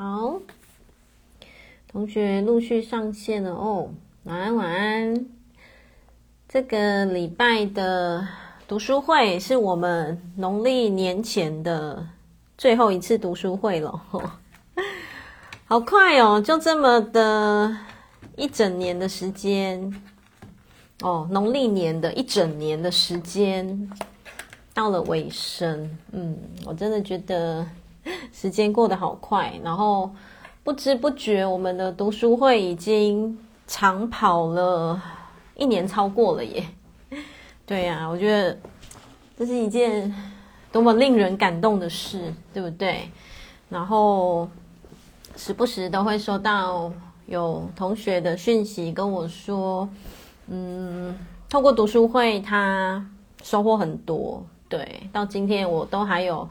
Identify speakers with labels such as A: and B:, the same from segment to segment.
A: 好，同學陸續上線了哦。晚安，晚安。這個禮拜的讀書會是我們農曆年前的最後一次讀書會了。好快哦，就這麼的一整年的時間。哦，農曆年的一整年的時間到了尾聲。嗯，我真的覺得。時間過得好快，然後不知不覺，我們的讀書會已經長跑了一年，超過了耶！對呀、啊，我覺得這是一件多麼令人感動的事，對不對？然後時不時都會收到有同學的訊息跟我說，嗯，透過讀書會，他收穫很多。對，到今天我都還有。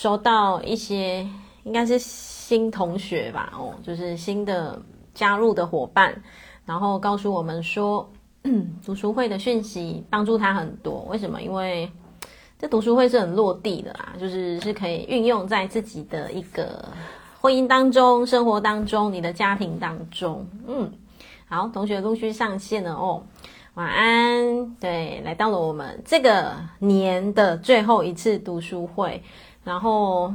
A: 收到一些，應該是新同學吧，哦，就是新的加入的夥伴，然後告訴我們說，嗯，讀書會的訊息幫助他很多。為什麼？因為這讀書會是很落地的啦，就是是可以運用在自己的一個婚姻當中、生活當中、你的家庭當中。嗯，好，同學陸續上線了哦。晚安，對，來到了我們這個年的最後一次讀書會。然後，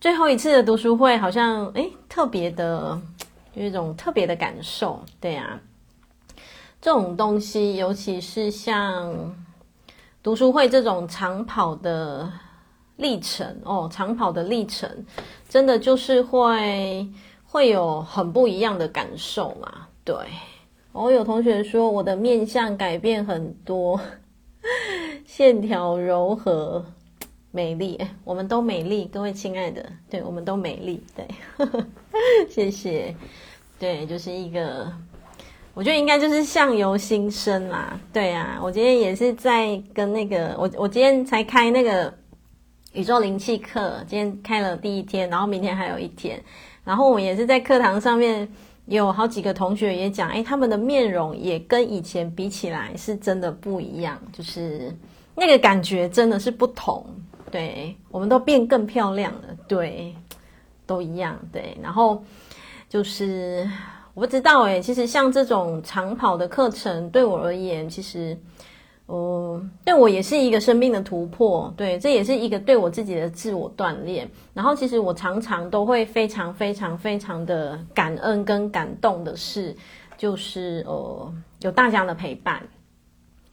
A: 最後一次的讀書會好像哎，特別的有一種特別的感受，對呀，啊，這種東西，尤其是像讀書會這種長跑的歷程哦，長跑的歷程，真的就是會會有很不一樣的感受嘛，對。哦，有同學說我的面相改變很多，線條柔和。美麗、欸，我們都美麗，各位親愛的，對，我們都美麗，對，呵呵謝謝，對，就是一個，我覺得應該就是相由心生啦，對啊，我今天也是在跟那個，我我今天才開那個宇宙靈氣課，今天開了第一天，然後明天還有一天，然後我也是在課堂上面有好幾個同學也講，哎、欸，他們的面容也跟以前比起來是真的不一樣，就是那個感覺真的是不同。對，我們都變更漂亮了。對，都一樣。對，然後就是我不知道哎、欸，其實像這種長跑的課程，對我而言，其實哦、呃，對我也是一個生命的突破。對，這也是一個對我自己的自我鍛鍊。然後，其實我常常都會非常非常非常的感恩跟感動的是，就是呃有大家的陪伴。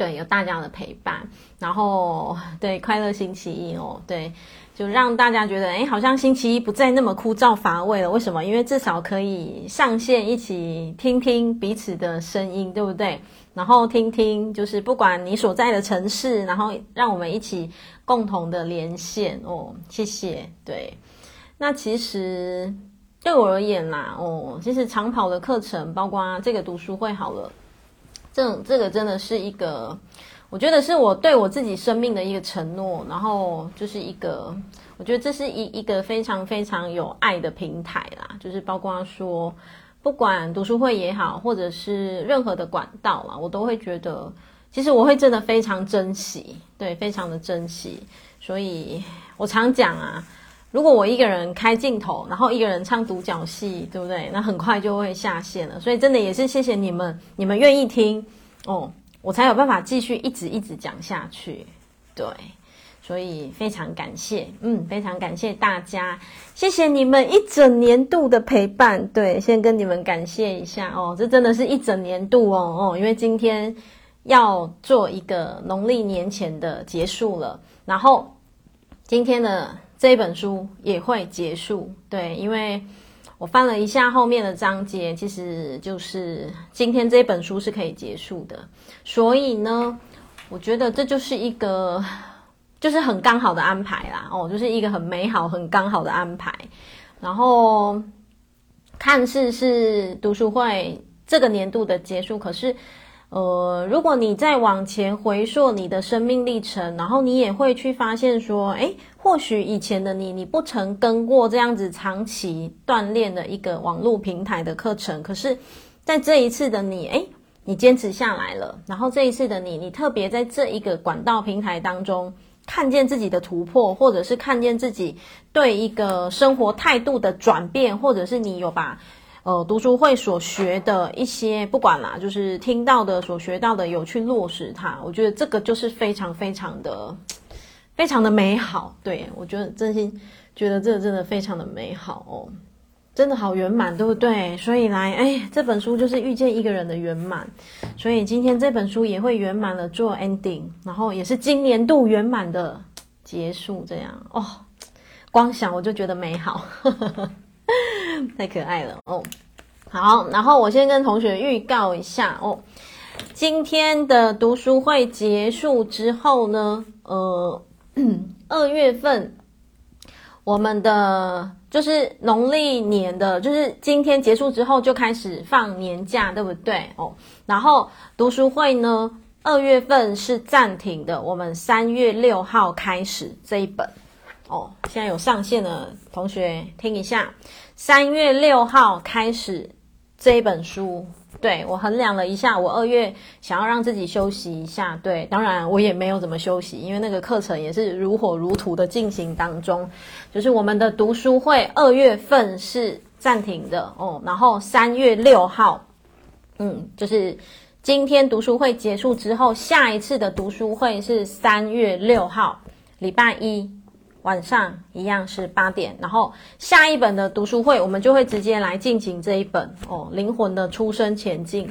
A: 對，有大家的陪伴，然後對快樂星期一哦，對，就讓大家覺得誒，好像星期一不再那麼枯燥乏味了。為什麼？因為至少可以上線一起聽聽彼此的聲音，對不對？然後聽聽，就是不管你所在的城市，然後讓我們一起共同的連線哦。謝謝。對，那其實對我而言啦，哦，其實長跑的課程，包括這個讀書會，好了。這這個真的是一個，我覺得是我對我自己生命的一個承諾，然後就是一個，我覺得這是一一個非常非常有愛的平台啦，就是包括說，不管讀書會也好，或者是任何的管道啦，我都會覺得，其實我會真的非常珍惜，對，非常的珍惜，所以我常講啊。如果我一個人開鏡頭，然後一個人唱獨角戲，對不對？那很快就會下線了。所以真的也是謝謝你們，你們願意聽哦，我才有辦法繼續一直一直講下去。對，所以非常感謝，嗯，非常感謝大家，謝謝你們一整年度的陪伴。對，先跟你們感謝一下哦，這真的是一整年度哦哦，因為今天要做一個農曆年前的結束了，然後今天的。這本書也會結束，對，因為我翻了一下後面的章節，其實就是今天這本書是可以結束的，所以呢，我覺得這就是一個就是很剛好的安排啦，哦，就是一個很美好、很剛好的安排。然後看似是讀書會這個年度的結束，可是，呃，如果你再往前回溯你的生命歷程，然後你也會去發現說，哎。或許以前的你，你不曾跟過這樣子長期鍛鍊的一個網絡平台的課程，可是在這一次的你，誒，你堅持下來了。然後這一次的你，你特別在這一個管道平台當中，看見自己的突破，或者是看見自己對一個生活態度的轉變，或者是你有把呃讀書會所學的一些，不管啦，就是聽到的、所學到的有去落實它，我覺得這個就是非常非常的。非常的美好。對，我覺得真心覺得這真的非常的美好哦，真的好圓滿，對不對？所以來，哎，這本書就是遇見一個人的圓滿，所以今天這本書也會圓滿的做 ending，然後也是今年度圓滿的結束，這樣哦。光想我就覺得美好，呵呵，太可愛了哦。好，然後我先跟同學預告一下哦，今天的讀書會結束之後呢，呃。 二月份，我們的就是農曆年的，就是今天結束之後就開始放年假，對不對？哦，然後讀書會呢，二月份是暫停的，我們三月六號開始這一本。哦，現在有上線的同學聽一下，三月六號開始這一本書。對，我衡量了一下，我二月想要讓自己休息一下。對，當然我也沒有怎麼休息，因為那個課程也是如火如荼的進行當中。就是我們的讀書會二月份是暫停的哦，然後三月六號，嗯，就是今天讀書會結束之後，下一次的讀書會是三月六號，禮拜一。晚上一樣是八點，然後下一本的讀書會，我們就會直接來進行這一本哦，《靈魂的出生前進》，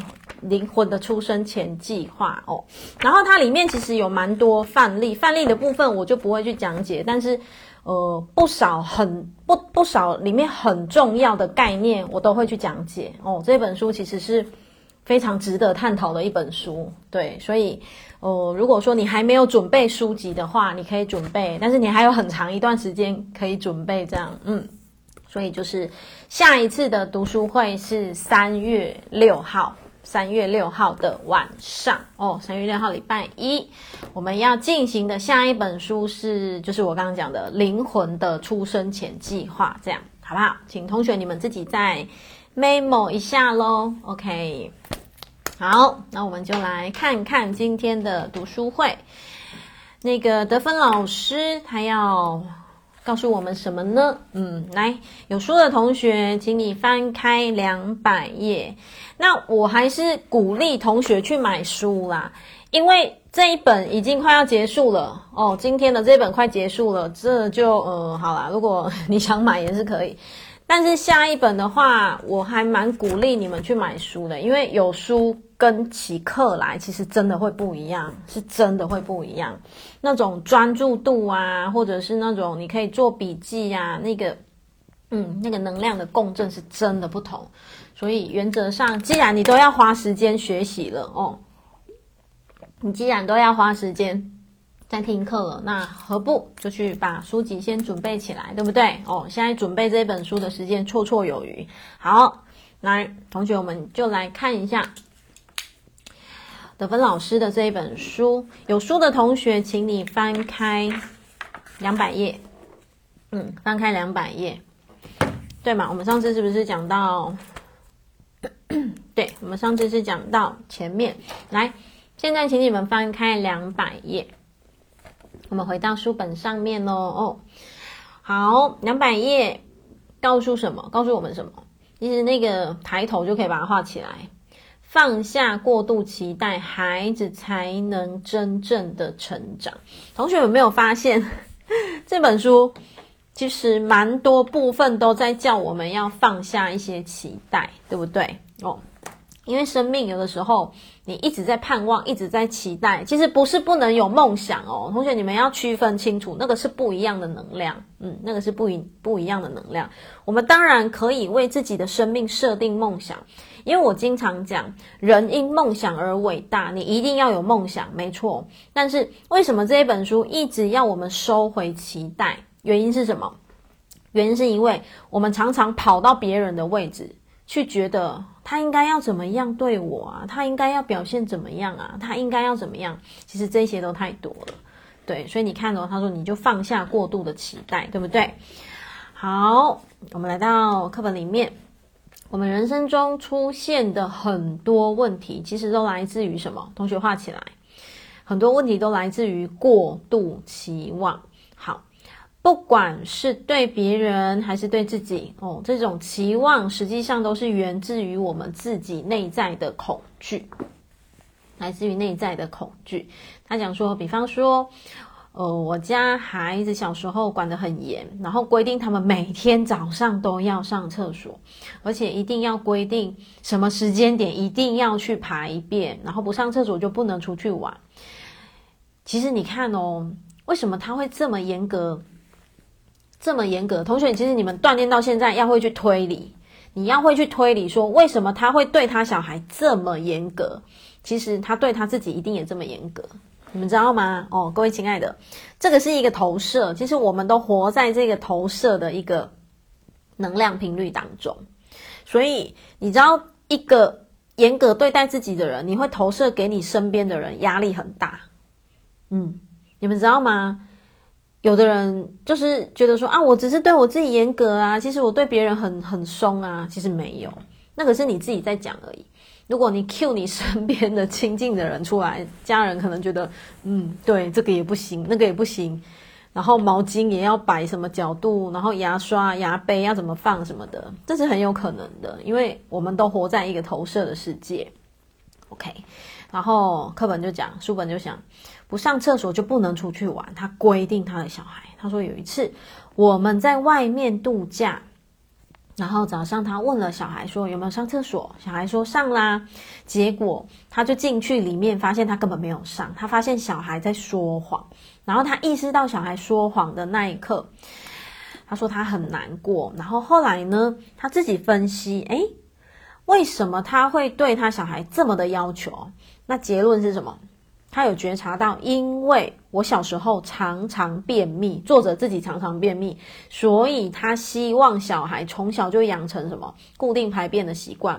A: 靈魂的出生前計劃哦。然後它裡面其實有蠻多範例，範例的部分我就不會去講解，但是，呃，不少很不不少裡面很重要的概念，我都會去講解哦。這本書其實是非常值得探討的一本書，對，所以。哦，如果說你還沒有準備書籍的話，你可以準備，但是你還有很長一段時間可以準備這樣，嗯，所以就是下一次的讀書會是三月六號，三月六號的晚上哦，三月六號禮拜一，我們要進行的下一本書是就是我剛剛講的《靈魂的出生前計劃》，這樣好不好？請同學你們自己再 memo 一下咯，OK。好，那我們就來看看今天的讀書會。那個德芬老師他要告訴我們什麼呢？嗯，來，有書的同學，請你翻開兩百頁。那我還是鼓勵同學去買書啦，因為這一本已經快要結束了哦。今天的這一本快結束了，這就呃好啦，如果你想買，也是可以。但是下一本的話，我還蠻鼓勵你們去買書的，因為有書跟起課來，其實真的會不一樣，是真的會不一樣。那種專注度啊，或者是那種你可以做筆記啊，那個，嗯，那個能量的共振是真的不同。所以原則上，既然你都要花時間學習了哦，你既然都要花時間，在聽課了，那何不就去把書籍先準備起來，對不對？哦，現在準備這本書的時間綽綽有餘。好，來，同學，我們就來看一下德芬老師的這一本書。有書的同學，請你翻開兩百頁。嗯，翻開兩百頁，對嗎？我們上次是不是講到？對，我們上次是講到前面。來，現在請你們翻開兩百頁。我們回到書本上面嘍，哦，好，兩百頁，告訴什麼？告訴我們什麼？其實那個抬頭就可以把它畫起來。放下過度期待，孩子才能真正的成長。同學有沒有發現，呵呵這本書其實蠻多部分都在叫我們要放下一些期待，對不對？哦。因為生命有的時候，你一直在盼望，一直在期待。其實不是不能有夢想哦，同學，你們要區分清楚，那個是不一樣的能量。嗯，那個是不一不一樣的能量。我們當然可以為自己的生命設定夢想，因為我經常講，人因夢想而偉大。你一定要有夢想，沒錯。但是為什麼這一本書一直要我們收回期待？原因是什麼？原因是因為我們常常跑到別人的位置。去覺得他應該要怎麼樣對我啊？他應該要表現怎麼樣啊？他應該要怎麼樣？其實這些都太多了，對。所以你看哦，他說你就放下過度的期待，對不對？好，我們來到課本裡面，我們人生中出現的很多問題，其實都來自於什麼？同學畫起來，很多問題都來自於過度期望。好。不管是對別人還是對自己哦，這種期望實際上都是源自於我們自己內在的恐懼，來自於內在的恐懼。他講說，比方說，呃，我家孩子小時候管得很嚴，然後規定他們每天早上都要上廁所，而且一定要規定什麼時間點一定要去排便，然後不上廁所就不能出去玩。其實你看哦，為什麼他會這麼嚴格？這麼嚴格，同學，其實你們鍛鍊到現在，要會去推理，你要會去推理，說為什麼他會對他小孩這麼嚴格，其實他對他自己一定也這麼嚴格，你們知道嗎？哦，各位親愛的，這個是一個投射，其實我們都活在這個投射的一個能量頻率當中，所以你知道，一個嚴格對待自己的人，你會投射給你身邊的人壓力很大，嗯，你們知道嗎？有的人就是覺得說啊，我只是對我自己嚴格啊，其實我對別人很很鬆啊，其實沒有，那可是你自己在講而已。如果你 cue 你身邊的親近的人出來，家人可能覺得，嗯，對，這個也不行，那個也不行，然後毛巾也要擺什麼角度，然後牙刷牙杯要怎麼放什麼的，這是很有可能的，因為我們都活在一個投射的世界。OK，然後課本就講，書本就想。不上廁所就不能出去玩，他規定他的小孩。他說有一次我們在外面度假，然後早上他問了小孩說有沒有上廁所，小孩說上啦，結果他就進去裡面發現他根本沒有上，他發現小孩在說謊，然後他意識到小孩說謊的那一刻，他說他很難過，然後後來呢，他自己分析，誒，為什麼他會對他小孩這麼的要求？那結論是什麼？他有覺察到，因為我小時候常常便秘，作者自己常常便秘，所以他希望小孩從小就養成什麼固定排便的習慣。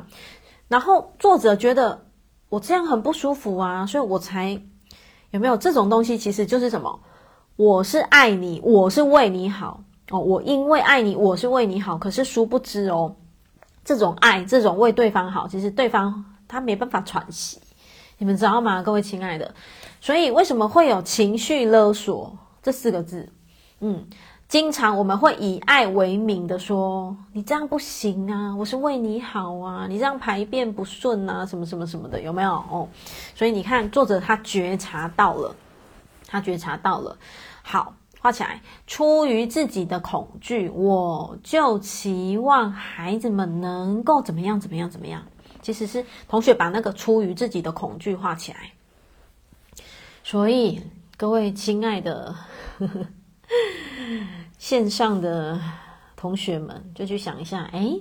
A: 然後作者覺得我這樣很不舒服啊，所以我才有沒有這種東西，其實就是什麼，我是愛你，我是為你好哦，我因為愛你，我是為你好。可是殊不知哦，這種愛，這種為對方好，其實對方他沒辦法喘息。你們知道嗎，各位親愛的？所以為什麼會有“情緒勒索”這四個字？嗯，經常我們會以愛為名的說：“你這樣不行啊，我是為你好啊，你這樣排便不順啊，什麼什麼什麼的，有沒有？”哦，所以你看，作者他覺察到了，他覺察到了。好，畫起來。出於自己的恐懼，我就期望孩子們能夠怎麼樣，怎麼樣，怎麼樣。其實是同學把那個出於自己的恐懼畫起來，所以各位親愛的，呵呵，線上的同學們，就去想一下，哎，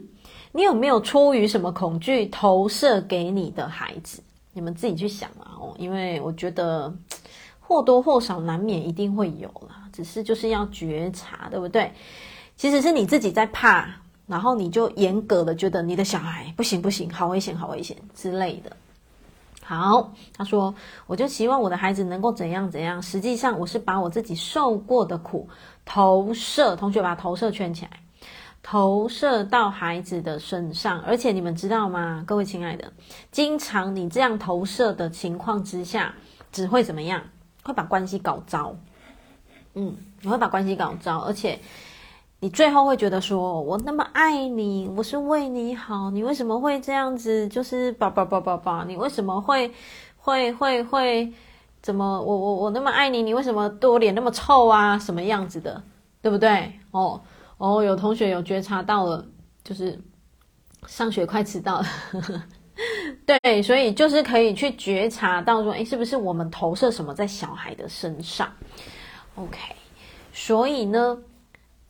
A: 你有沒有出於什麼恐懼投射給你的孩子？你們自己去想啊！哦，因為我覺得或多或少難免一定會有啦，只是就是要覺察，對不對？其實是你自己在怕。然後你就嚴格的覺得你的小孩不行不行，好危險好危險之類的。好，他說，我就希望我的孩子能夠怎樣怎樣。實際上我是把我自己受過的苦投射，同學把投射圈起來，投射到孩子的身上。而且你們知道嗎？各位親愛的，經常你這樣投射的情況之下，只會怎麼樣？會把關係搞糟。嗯，你會把關係搞糟，而且。你最後會覺得說，我那麼愛你，我是為你好，你為什麼會這樣子？就是叭叭叭叭叭，你為什麼會，會會會，怎麼我我我那麼愛你，你為什麼對我臉那麼臭啊？什麼樣子的，對不對？哦哦，有同學有覺察到了，就是上學快遲到了， 對，所以就是可以去覺察到說，誒，是不是我們投射什麼在小孩的身上？OK，所以呢？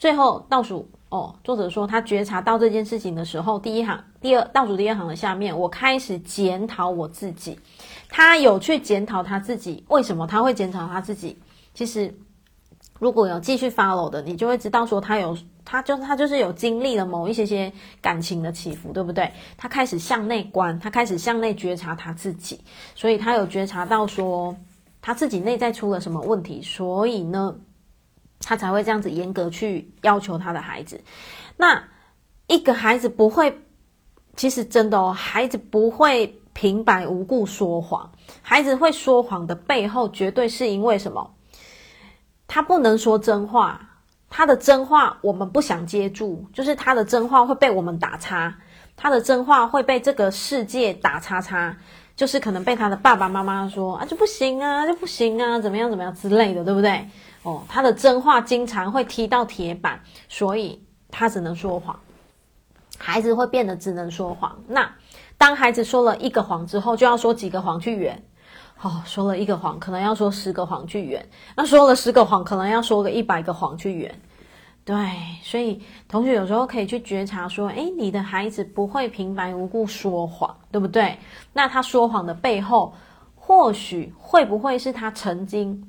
A: 最後倒數哦，作者說他覺察到這件事情的時候，第一行、第二倒數第二行的下面，我開始檢討我自己。他有去檢討他自己，為什麼他會檢討他自己？其實如果有繼續 follow 的，你就會知道說他有，他就是他就是有經歷了某一些些感情的起伏，對不對？他開始向內觀，他開始向內覺察他自己，所以他有覺察到說他自己內在出了什麼問題，所以呢，他才會這樣子嚴格去要求他的孩子。那一個孩子不會，其實真的哦，孩子不會平白無故說謊。孩子會說謊的背後，絕對是因為什麼？他不能說真話，他的真話我們不想接住，就是他的真話會被我們打叉，他的真話會被這個世界打叉叉，就是可能被他的爸爸媽媽說啊，就不行啊，就不行啊，怎麼樣怎麼樣之類的，對不對？哦，他的真話經常會踢到鐵板，所以他只能說謊。孩子會變得只能說謊。那當孩子說了一個謊之後，就要說幾個謊去圓。哦，說了一個謊，可能要說十個謊去圓。那說了十個謊，可能要說個一百個謊去圓。對，所以同學有時候可以去覺察說，誒，你的孩子不會平白無故說謊，對不對？那他說謊的背後，或許會不會是他曾經？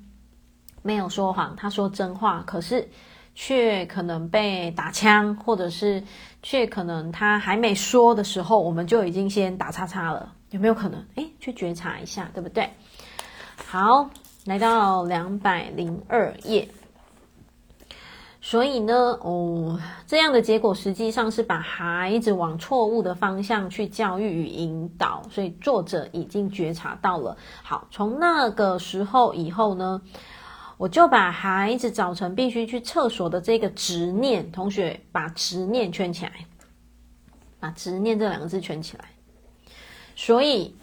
A: 沒有說謊，他說真話，可是卻可能被打槍，或者是卻可能他還沒說的時候，我們就已經先打叉叉了，有沒有可能？誒，去覺察一下，對不對？好，來到兩百零二頁，所以呢，哦，這樣的結果實際上是把孩子往錯誤的方向去教育與引導，所以作者已經覺察到了。好，從那個時候以後呢，我就把孩子早晨必須去廁所的這個執念，同學把執念圈起來，把執念這兩個字圈起來。所以，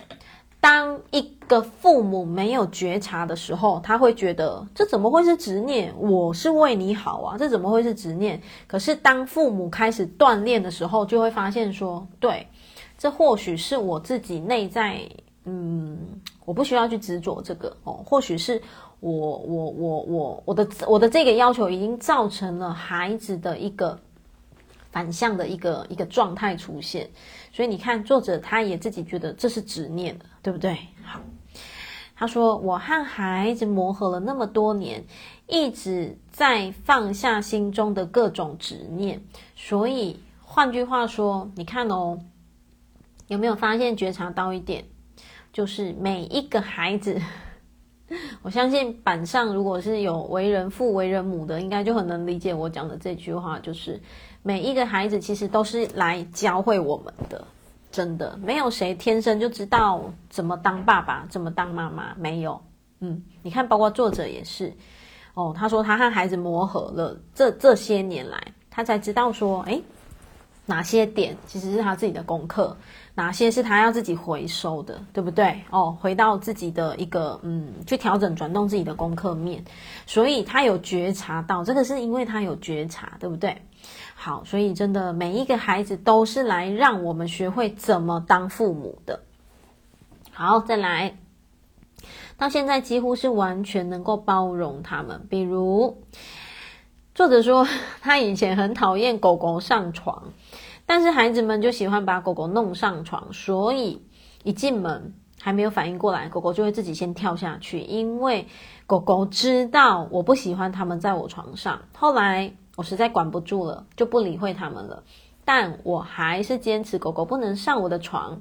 A: 當一個父母沒有覺察的時候，他會覺得這怎麼會是執念？我是為你好啊，這怎麼會是執念？可是，當父母開始鍛鍊的時候，就會發現說，對，這或許是我自己內在，嗯，我不需要去執着這個哦，或許是。我我我我我的我的這個要求已經造成了孩子的一個反向的一個一個狀態出現，所以你看，作者他也自己覺得這是執念，對不對？好，他說我和孩子磨合了那麼多年，一直在放下心中的各種執念，所以換句話說，你看哦，有沒有發現覺察到一點，就是每一個孩子。我相信板上如果是有為人父、為人母的，應該就很能理解我講的這句話，就是每一個孩子其實都是來教會我們的，真的沒有誰天生就知道怎麼當爸爸、怎麼當媽媽，沒有。嗯，你看，包括作者也是，哦，他說他和孩子磨合了這這些年來，他才知道說，誒。哪些點其實是他自己的功課，哪些是他要自己回收的，對不對？哦，回到自己的一個嗯，去調整、轉動自己的功課面，所以他有覺察到這個，是因為他有覺察，對不對？好，所以真的每一個孩子都是來讓我們學會怎麼當父母的。好，再來到現在幾乎是完全能夠包容他們，比如作者說他以前很討厭狗狗上床。但是孩子們就喜歡把狗狗弄上床，所以一進門還沒有反應過來，狗狗就會自己先跳下去。因為狗狗知道我不喜歡他們在我床上。後來我實在管不住了，就不理會他們了。但我還是堅持狗狗不能上我的床，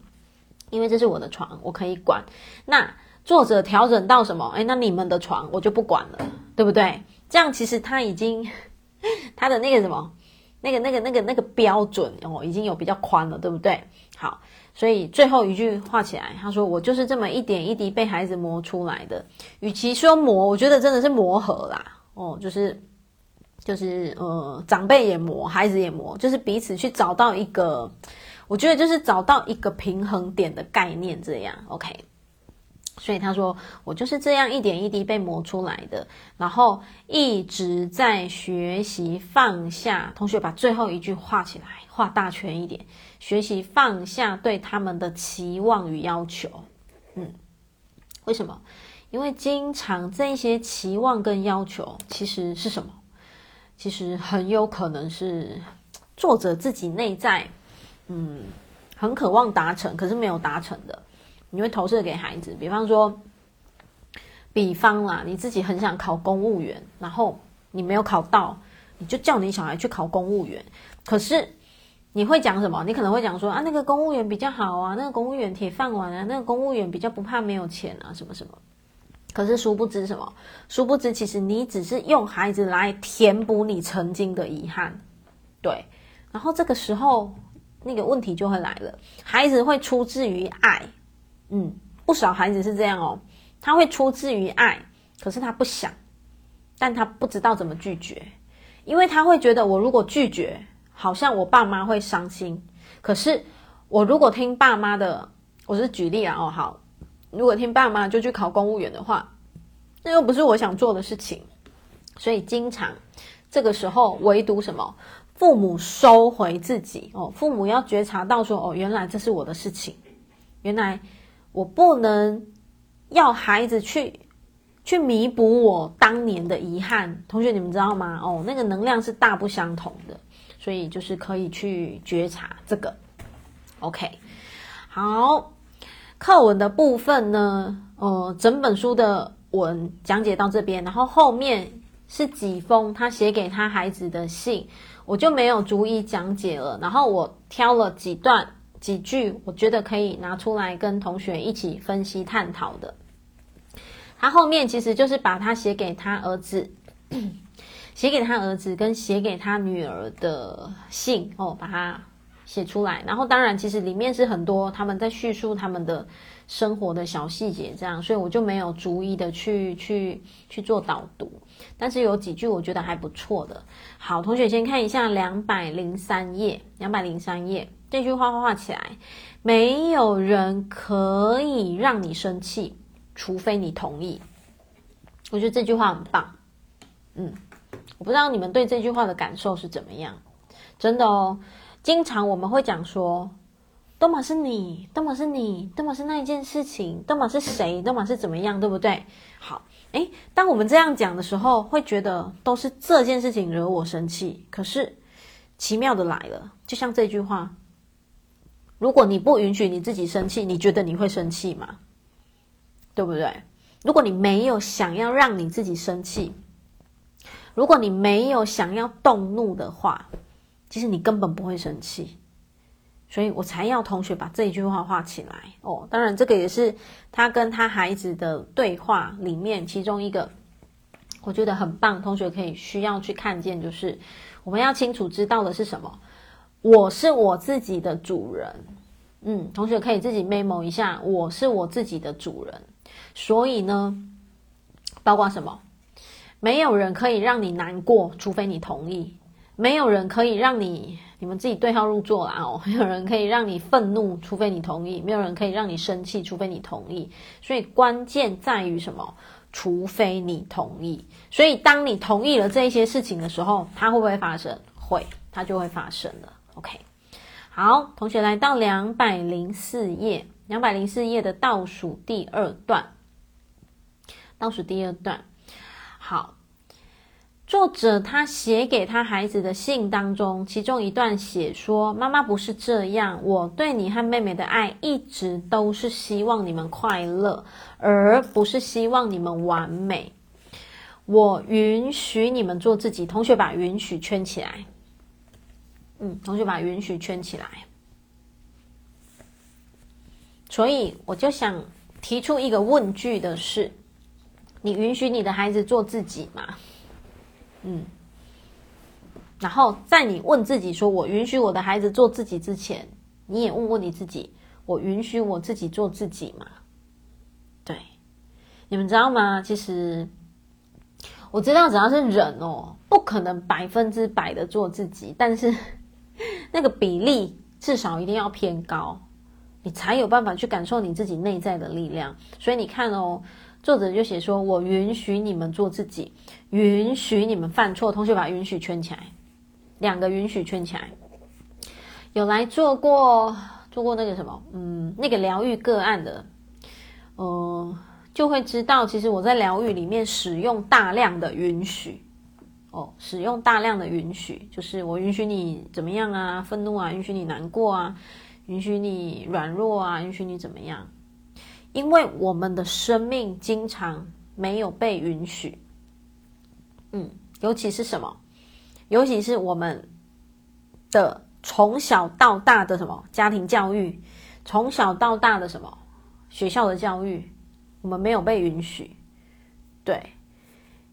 A: 因為這是我的床，我可以管。那作者調整到什麼？誒，那你們的床我就不管了，對不對？這樣其實他已經他的那個什麼。那個、那個、那個、那個標準哦，已經有比較寬了，對不對？好，所以最後一句話起來，他說：“我就是這麼一點一滴被孩子磨出來的。與其說磨，我覺得真的是磨合啦，哦，就是就是呃，長輩也磨，孩子也磨，就是彼此去找到一個，我覺得就是找到一個平衡點的概念，這樣，OK。”所以他說：“我就是這樣一點一滴被磨出來的，然後一直在學習放下。”同學把最後一句畫起來，畫大圈一點。學習放下對他們的期望與要求。嗯，為什麼？因為經常這些期望跟要求其實是什麼？其實很有可能是作者自己內在，嗯，很渴望達成，可是沒有達成的。你會投射給孩子，比方說，比方啦，你自己很想考公務員，然後你沒有考到，你就叫你小孩去考公務員。可是你會講什麼？你可能會講說啊，那個公務員比較好啊，那個公務員鐵飯碗啊，那個公務員比較不怕沒有錢啊，什麼什麼。可是殊不知什麼？殊不知，其實你只是用孩子來填補你曾經的遺憾。對，然後這個時候那個問題就會來了，孩子會出自於愛。嗯，不少孩子是這樣哦，他會出自於愛，可是他不想，但他不知道怎麼拒絕，因為他會覺得我如果拒絕，好像我爸媽會傷心。可是我如果聽爸媽的，我是舉例啊，哦，好，如果聽爸媽就去考公務員的話，那又不是我想做的事情，所以經常這個時候，唯獨什麼，父母收回自己，哦，父母要覺察到說，哦，原來這是我的事情，原來。我不能要孩子去去彌補我當年的遺憾。同學，你們知道嗎？哦，那個能量是大不相同的，所以就是可以去覺察這個。OK，好，課文的部分呢，呃，整本書的文講解到這邊，然後後面是幾封他寫給他孩子的信，我就沒有逐一講解了，然後我挑了幾段。幾句我覺得可以拿出來跟同學一起分析探討的。他後面其實就是把他寫給他兒子、寫給他兒子跟寫給他女兒的信哦，把它寫出來。然後當然，其實裡面是很多他們在敘述他們的生活的小細節，這樣，所以我就沒有逐一的去去去做導讀。但是有幾句我覺得還不錯的。好，同學先看一下203頁，203頁。這句話畫起來，沒有人可以讓你生氣，除非你同意。我覺得這句話很棒，嗯，我不知道你們對這句話的感受是怎麼樣？真的哦，經常我們會講說，都嘛是你，都嘛是你，都嘛是那一件事情，都嘛是誰，都嘛是怎麼樣，對不對？好，誒，當我們這樣講的時候，會覺得都是這件事情惹我生氣。可是，奇妙的來了，就像這句話。如果你不允許你自己生氣，你覺得你會生氣嗎？對不對？如果你沒有想要讓你自己生氣，如果你沒有想要動怒的話，其實你根本不會生氣。所以我才要同學把這一句話畫起來哦。當然，這個也是他跟他孩子的對話裡面其中一個，我覺得很棒。同學可以需要去看見，就是我們要清楚知道的是什麼。我是我自己的主人，嗯，同學可以自己 memo 一下。我是我自己的主人，所以呢，包括什麼？沒有人可以讓你難過，除非你同意；沒有人可以讓你，你們自己對號入座啦哦、喔。沒有人可以讓你憤怒，除非你同意；沒有人可以讓你生氣，除非你同意。所以關鍵在於什麼？除非你同意。所以當你同意了這一些事情的時候，它會不會發生？會，它就會發生了。OK，好，同學來到兩百零四頁，兩百零四頁的倒數第二段，倒數第二段，好，作者他寫給他孩子的信當中，其中一段寫說：“媽媽不是這樣，我對你和妹妹的愛一直都是希望你們快樂，而不是希望你們完美。我允許你們做自己。”同學把“允許”圈起來。嗯，同學把允許圈起來。所以我就想提出一個問句的是：你允許你的孩子做自己嗎？嗯。然後在你問自己說我允許我的孩子做自己之前，你也問過你自己：我允許我自己做自己嗎？對。你們知道嗎？其實我知道，只要是人哦，不可能百分之百的做自己，但是。那個比例至少一定要偏高，你才有辦法去感受你自己內在的力量。所以你看哦，作者就寫說：“我允許你們做自己，允許你們犯錯。”同學把“允許”圈起來，兩個“允許”圈起來。有來做過做過那個什麼，嗯，那個療癒個案的，嗯，就會知道，其實我在療癒裡面使用大量的允許。哦，使用大量的允許，就是我允許你怎麼樣啊，憤怒啊，允許你難過啊，允許你軟弱啊，允許你怎麼樣？因為我們的生命經常沒有被允許。嗯，尤其是什麼？尤其是我們的從小到大的什麼？家庭教育，從小到大的什麼？學校的教育，我們沒有被允許。對。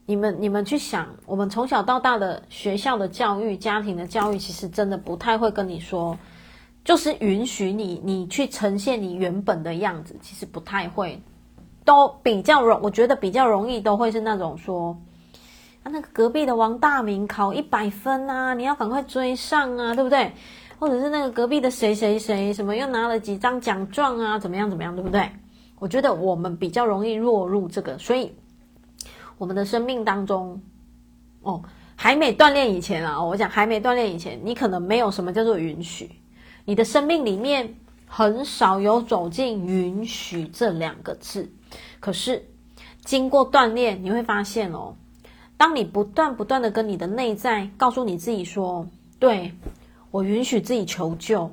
A: 你們，你們去想，我們從小到大的學校的教育、家庭的教育，其實真的不太會跟你說，就是允許你，你去呈現你原本的樣子，其實不太會，都比較容，我覺得比較容易都會是那種說，啊，那個隔壁的王大明考一百分啊，你要趕快追上啊，對不對？或者是那個隔壁的誰誰誰，什麼又拿了幾張獎狀啊，怎麼樣怎麼樣，對不對？我覺得我們比較容易落入這個，所以。我們的生命當中，哦，還沒鍛鍊以前啊，我講還沒鍛鍊以前，你可能沒有什麼叫做允許，你的生命裡面很少有走進“允許”這兩個字。可是經過鍛鍊，你會發現哦，當你不斷不斷的跟你的內在告訴你自己說：“對，我允許自己求救，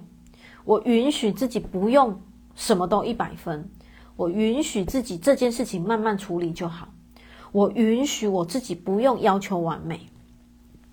A: 我允許自己不用什麼都一百分，我允許自己這件事情慢慢處理就好。”我允許我自己不用要求完美，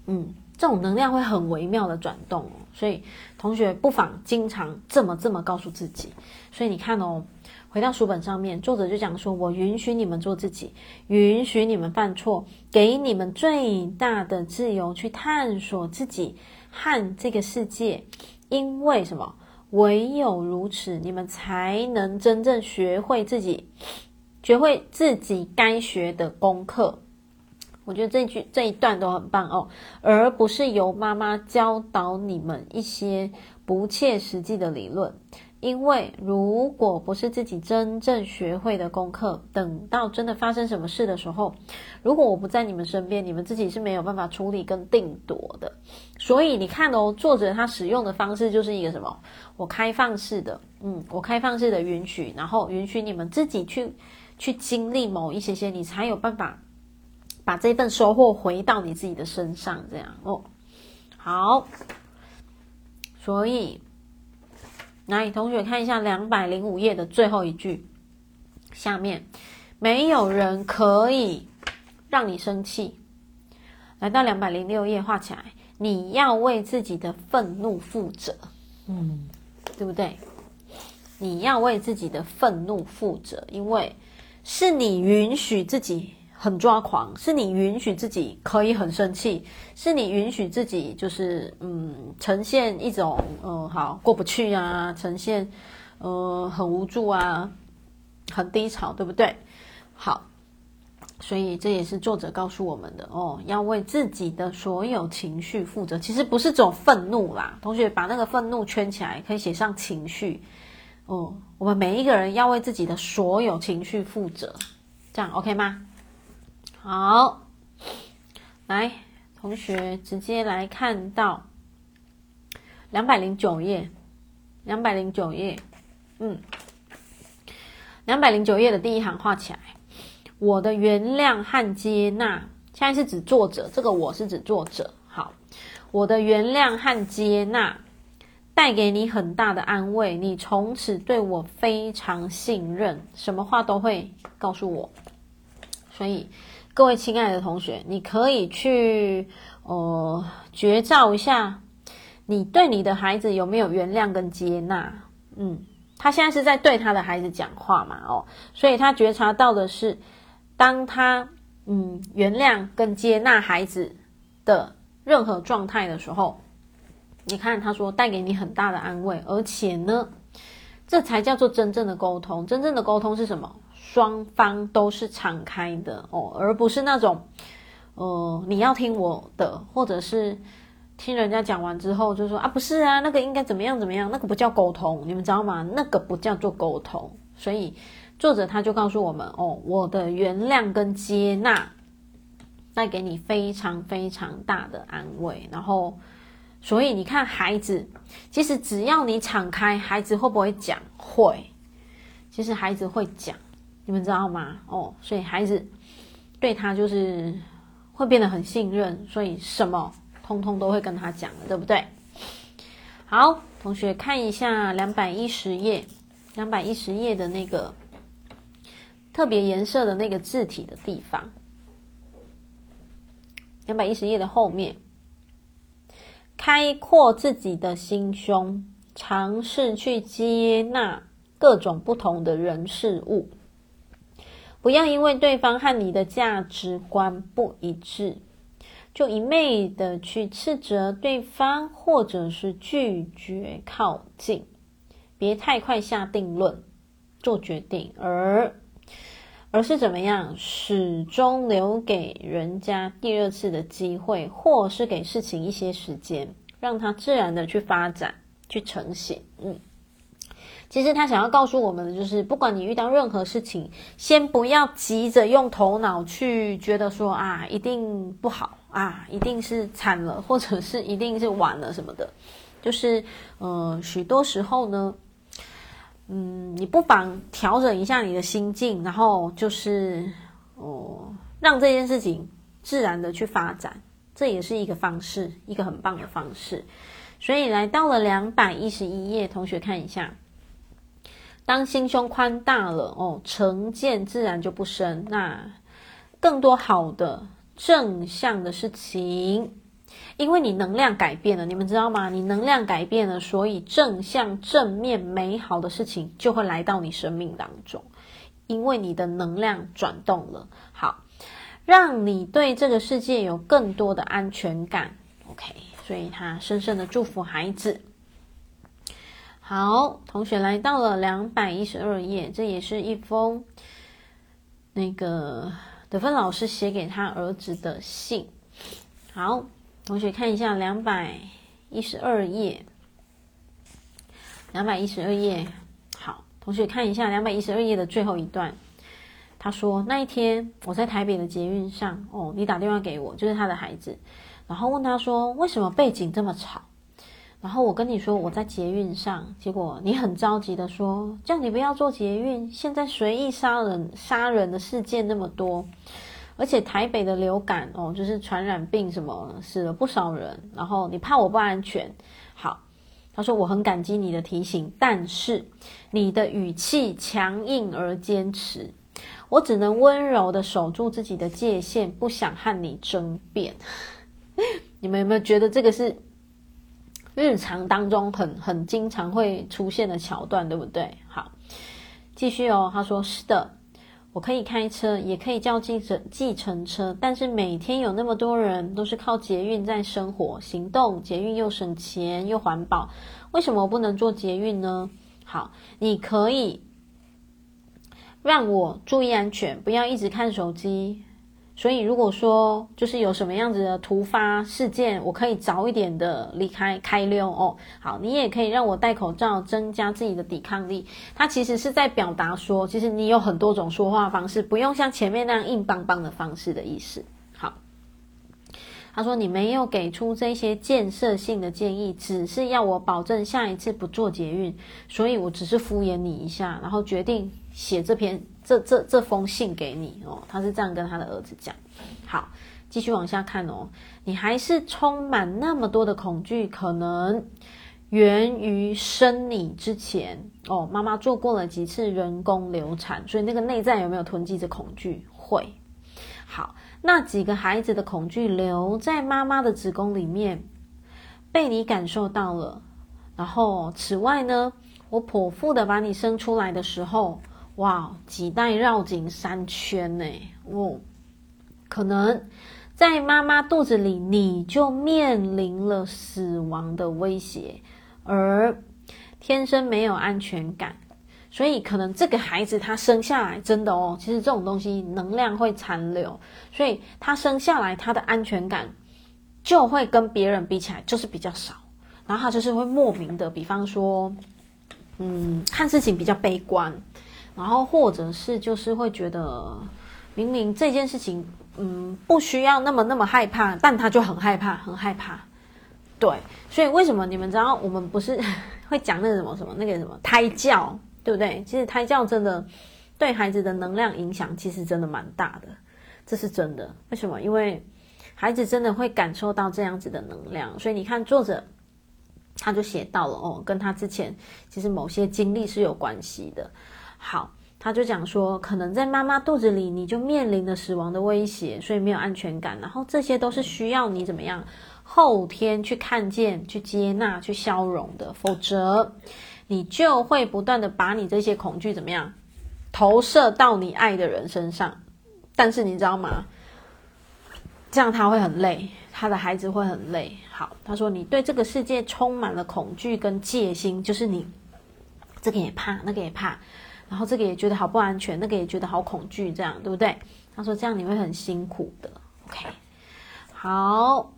A: 嗯，這種能量會很微妙的轉動哦。所以同學不妨經常這麼這麼告訴自己。所以你看哦，回到書本上面，作者就講說：“我允許你們做自己，允許你們犯錯，給你們最大的自由去探索自己和這個世界。因為什麼？唯有如此，你們才能真正學會自己。”學會自己該學的功課，我覺得這句這一段都很棒哦，而不是由媽媽教導你們一些不切實際的理論，因為如果不是自己真正學會的功課，等到真的發生什麼事的時候，如果我不在你們身邊，你們自己是沒有辦法處理跟定奪的。所以你看哦，作者他使用的方式就是一個什麼？我開放式的，嗯，我開放式的允許，然後允許你們自己去。去經歷某一些些，你才有辦法把這份收穫回到你自己的身上。這樣哦，好，所以來，同學看一下兩百零五頁的最後一句，下面沒有人可以讓你生氣。來到兩百零六頁，畫起來，你要為自己的憤怒負責。嗯，對不對？你要為自己的憤怒負責，因為。是你允許自己很抓狂，是你允許自己可以很生氣，是你允許自己就是嗯呈現一種嗯、呃、好過不去啊，呈現呃很無助啊，很低潮，對不對？好，所以這也是作者告訴我們的哦，要為自己的所有情緒負責。其實不是這種憤怒啦，同學把那個憤怒圈起來，可以寫上情緒。哦、嗯，我們每一個人要為自己的所有情緒負責，這樣 OK 嗎？好，來，同學直接來看到兩百零九頁，兩百零九頁，嗯，兩百零九頁的第一行畫起來，我的原諒和接納，現在是指作者，這個我是指作者，好，我的原諒和接納。帶給你很大的安慰，你從此對我非常信任，什麼話都會告訴我。所以，各位親愛的同學，你可以去哦覺照一下，你對你的孩子有沒有原諒跟接納？嗯，他現在是在對他的孩子講話嘛？哦，所以他覺察到的是，當他嗯原諒跟接納孩子的任何狀態的時候。你看，他說帶給你很大的安慰，而且呢，這才叫做真正的溝通。真正的溝通是什麼？雙方都是敞開的哦，而不是那種，呃，你要聽我的，或者是聽人家講完之後就說啊，不是啊，那個應該怎麼樣怎麼樣，那個不叫溝通，你們知道嗎？那個不叫做溝通。所以作者他就告訴我們哦，我的原諒跟接納帶給你非常非常大的安慰，然後。所以你看，孩子其實只要你敞開，孩子會不會講？會，其實孩子會講，你們知道嗎？哦，所以孩子對他就是會變得很信任，所以什麼通通都會跟他講的，對不對？好，同學看一下兩百一十頁，兩百一十頁的那個特別顏色的那個字體的地方，兩百一十頁的後面。開闊自己的心胸，嘗試去接納各種不同的人事物。不要因為對方和你的價值觀不一致，就一味的去斥責對方，或者是拒絕靠近。別太快下定論、做決定，而。而是怎麼樣，始終留給人家第二次的機會，或是給事情一些時間，讓它自然的去發展、去呈現。嗯，其實他想要告訴我們的就是，不管你遇到任何事情，先不要急着用頭腦去覺得說啊，一定不好啊，一定是慘了，或者是一定是晚了什麼的。就是，嗯、呃，許多時候呢。嗯，你不妨調整一下你的心境，然後就是哦，讓這件事情自然的去發展，這也是一個方式，一個很棒的方式。所以，來到了兩百一十一頁，同學看一下，當心胸寬大了，哦，成見自然就不深，那更多好的正向的事情，因為你能量改變了，你們知道嗎？你能量改變了，所以正向、正面、美好的事情就會來到你生命當中，因為你的能量轉動了，好，讓你對這個世界有更多的安全感。OK，所以他深深的祝福孩子。好，同學來到了212頁，這也是一封那個德芬老師寫給他兒子的信。好。同學看一下兩百一十二頁，兩百一十二頁。好，同學看一下兩百一十二頁的最後一段。他說：“那一天我在台北的捷運上，哦，你打電話給我，就是他的孩子，然後問他說為什麼背景這麼吵？然後我跟你說我在捷運上，結果你很着急的說，叫你不要坐捷運，現在隨意殺人，殺人的事件那麼多。”而且台北的流感哦，就是傳染病什麼，死了不少人。然後你怕我不安全，好，他說我很感激你的提醒，但是你的語氣強硬而堅持，我只能溫柔的守住自己的界限，不想和你爭辯。 你們有沒有覺得這個是日常當中很很經常會出現的橋段，對不對？好，繼續哦。他說是的。我可以開車，也可以叫計程計程車，但是每天有那麼多人都是靠捷運在生活行動，捷運又省錢又環保，為什麼我不能坐捷運呢？好，你可以讓我注意安全，不要一直看手機。所以，如果說就是有什麼樣子的突發事件，我可以早一點的離開，開溜哦。好，你也可以讓我戴口罩，增加自己的抵抗力。他其實是在表達說，其實你有很多種說話方式，不用像前面那樣硬邦邦的方式的意思。好，他說你沒有給出這些建設性的建議，只是要我保證下一次不坐捷運，所以我只是敷衍你一下，然後決定寫這篇。這這這封信給你哦，他是這樣跟他的兒子講。好，繼續往下看哦。你還是充滿那麼多的恐懼，可能源於生你之前哦，媽媽做過了幾次人工流產，所以那個內在有沒有囤積着恐懼？會。好，那幾個孩子的恐懼留在媽媽的子宮裡面，被你感受到了。然後，此外呢，我剖腹的把你生出來的時候。哇，臍帶繞頸三圈呢、欸！我、哦、可能在媽媽肚子裡，你就面臨了死亡的威脅，而天生沒有安全感，所以可能這個孩子他生下來真的哦、喔，其實這種東西能量會殘留，所以他生下來他的安全感就會跟別人比起來就是比較少，然後他就是會莫名的，比方說，嗯，看事情比較悲觀。然後，或者是就是會覺得，明明這件事情，嗯，不需要那麼那麼害怕，但他就很害怕，很害怕。對，所以為什麼你們知道我們不是會講那個什麼什麼那個什麼胎教，對不對？其實胎教真的對孩子的能量影響，其實真的蠻大的，這是真的。為什麼？因為孩子真的會感受到這樣子的能量，所以你看作者他就寫到了哦，跟他之前其實某些經歷是有關係的。好，他就講說，可能在媽媽肚子裡，你就面臨着死亡的威脅，所以沒有安全感。然後這些都是需要你怎麼樣後天去看見、去接納、去消融的，否則你就會不斷的把你這些恐懼怎麼樣投射到你愛的人身上。但是你知道嗎？這樣他會很累，他的孩子會很累。好，他說你對這個世界充滿了恐懼跟戒心，就是你這個也怕，那個也怕。然後這個也覺得好不安全，那個也覺得好恐懼，這樣對不對？他說這樣你會很辛苦的。OK，好，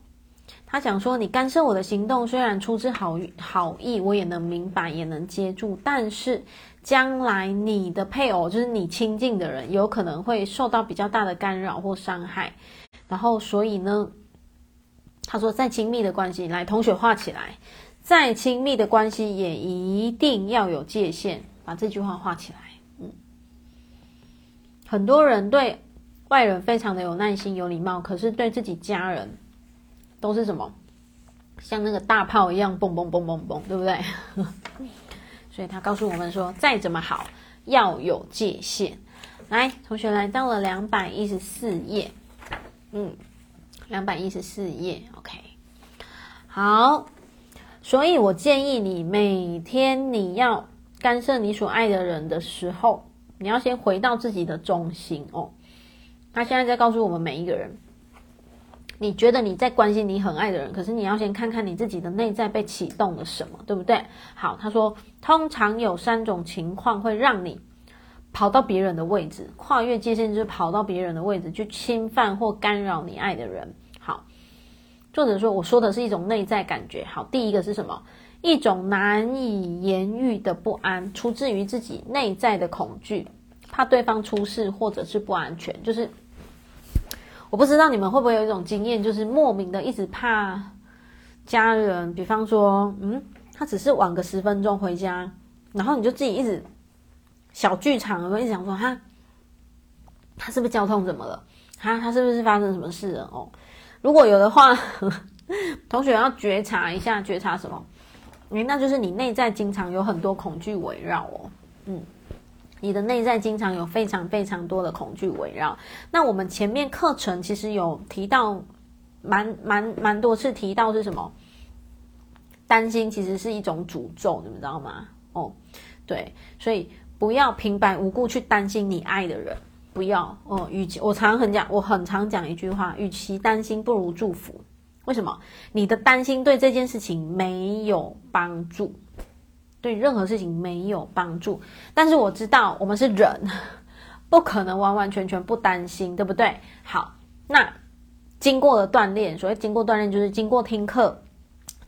A: 他講說你干涉我的行動，雖然出自好好意，我也能明白，也能接住，但是將來你的配偶，就是你親近的人，有可能會受到比較大的干擾或傷害。然後所以呢，他說再親密的關係，來同學畫起來，再親密的關係也一定要有界限。把這句話畫起來，嗯，很多人對外人非常的有耐心、有禮貌，可是對自己家人都是什麼？像那個大炮一樣，嘣嘣嘣嘣嘣，對不對？ 所以他告訴我們說，再怎麼好，要有界限。來，同學來到了兩百一十四頁，嗯，兩百一十四頁，OK，好，所以我建議你每天你要干涉你所愛的人的時候，你要先回到自己的中心哦。他現在在告訴我們每一個人：你覺得你在關心你很愛的人，可是你要先看看你自己的內在被啟動了什麼，對不對？好，他說，通常有三種情況會讓你跑到別人的位置，跨越界限，就是跑到別人的位置去侵犯或干擾你愛的人。好，作者說，我說的是一種內在感覺。好，第一個是什麼？一種難以言喻的不安，出自於自己內在的恐懼，怕對方出事或者是不安全。就是我不知道你們會不會有一種經驗，就是莫名的一直怕家人，比方說，嗯，他只是晚個十分鐘回家，然後你就自己一直小劇場，一直想說，他他是不是交通怎麼了？他他是不是發生什麼事了？哦，如果有的話，呵呵，同學要覺察一下，覺察什麼？嗯、那就是你內在經常有很多恐懼圍繞哦，嗯，你的內在經常有非常非常多的恐懼圍繞。那我們前面課程其實有提到蠻，蠻蠻蠻多次提到是什麼？擔心其實是一種詛咒，你們知道嗎？哦，對，所以不要平白無故去擔心你愛的人，不要哦、嗯。與其我常很講，我很常講一句話，與其擔心，不如祝福。為什麼？你的擔心對這件事情沒有幫助，對任何事情沒有幫助？但是我知道我們是人，不可能完完全全不擔心，對不對？好，那經過了鍛鍊，所謂經過鍛鍊就是經過聽課，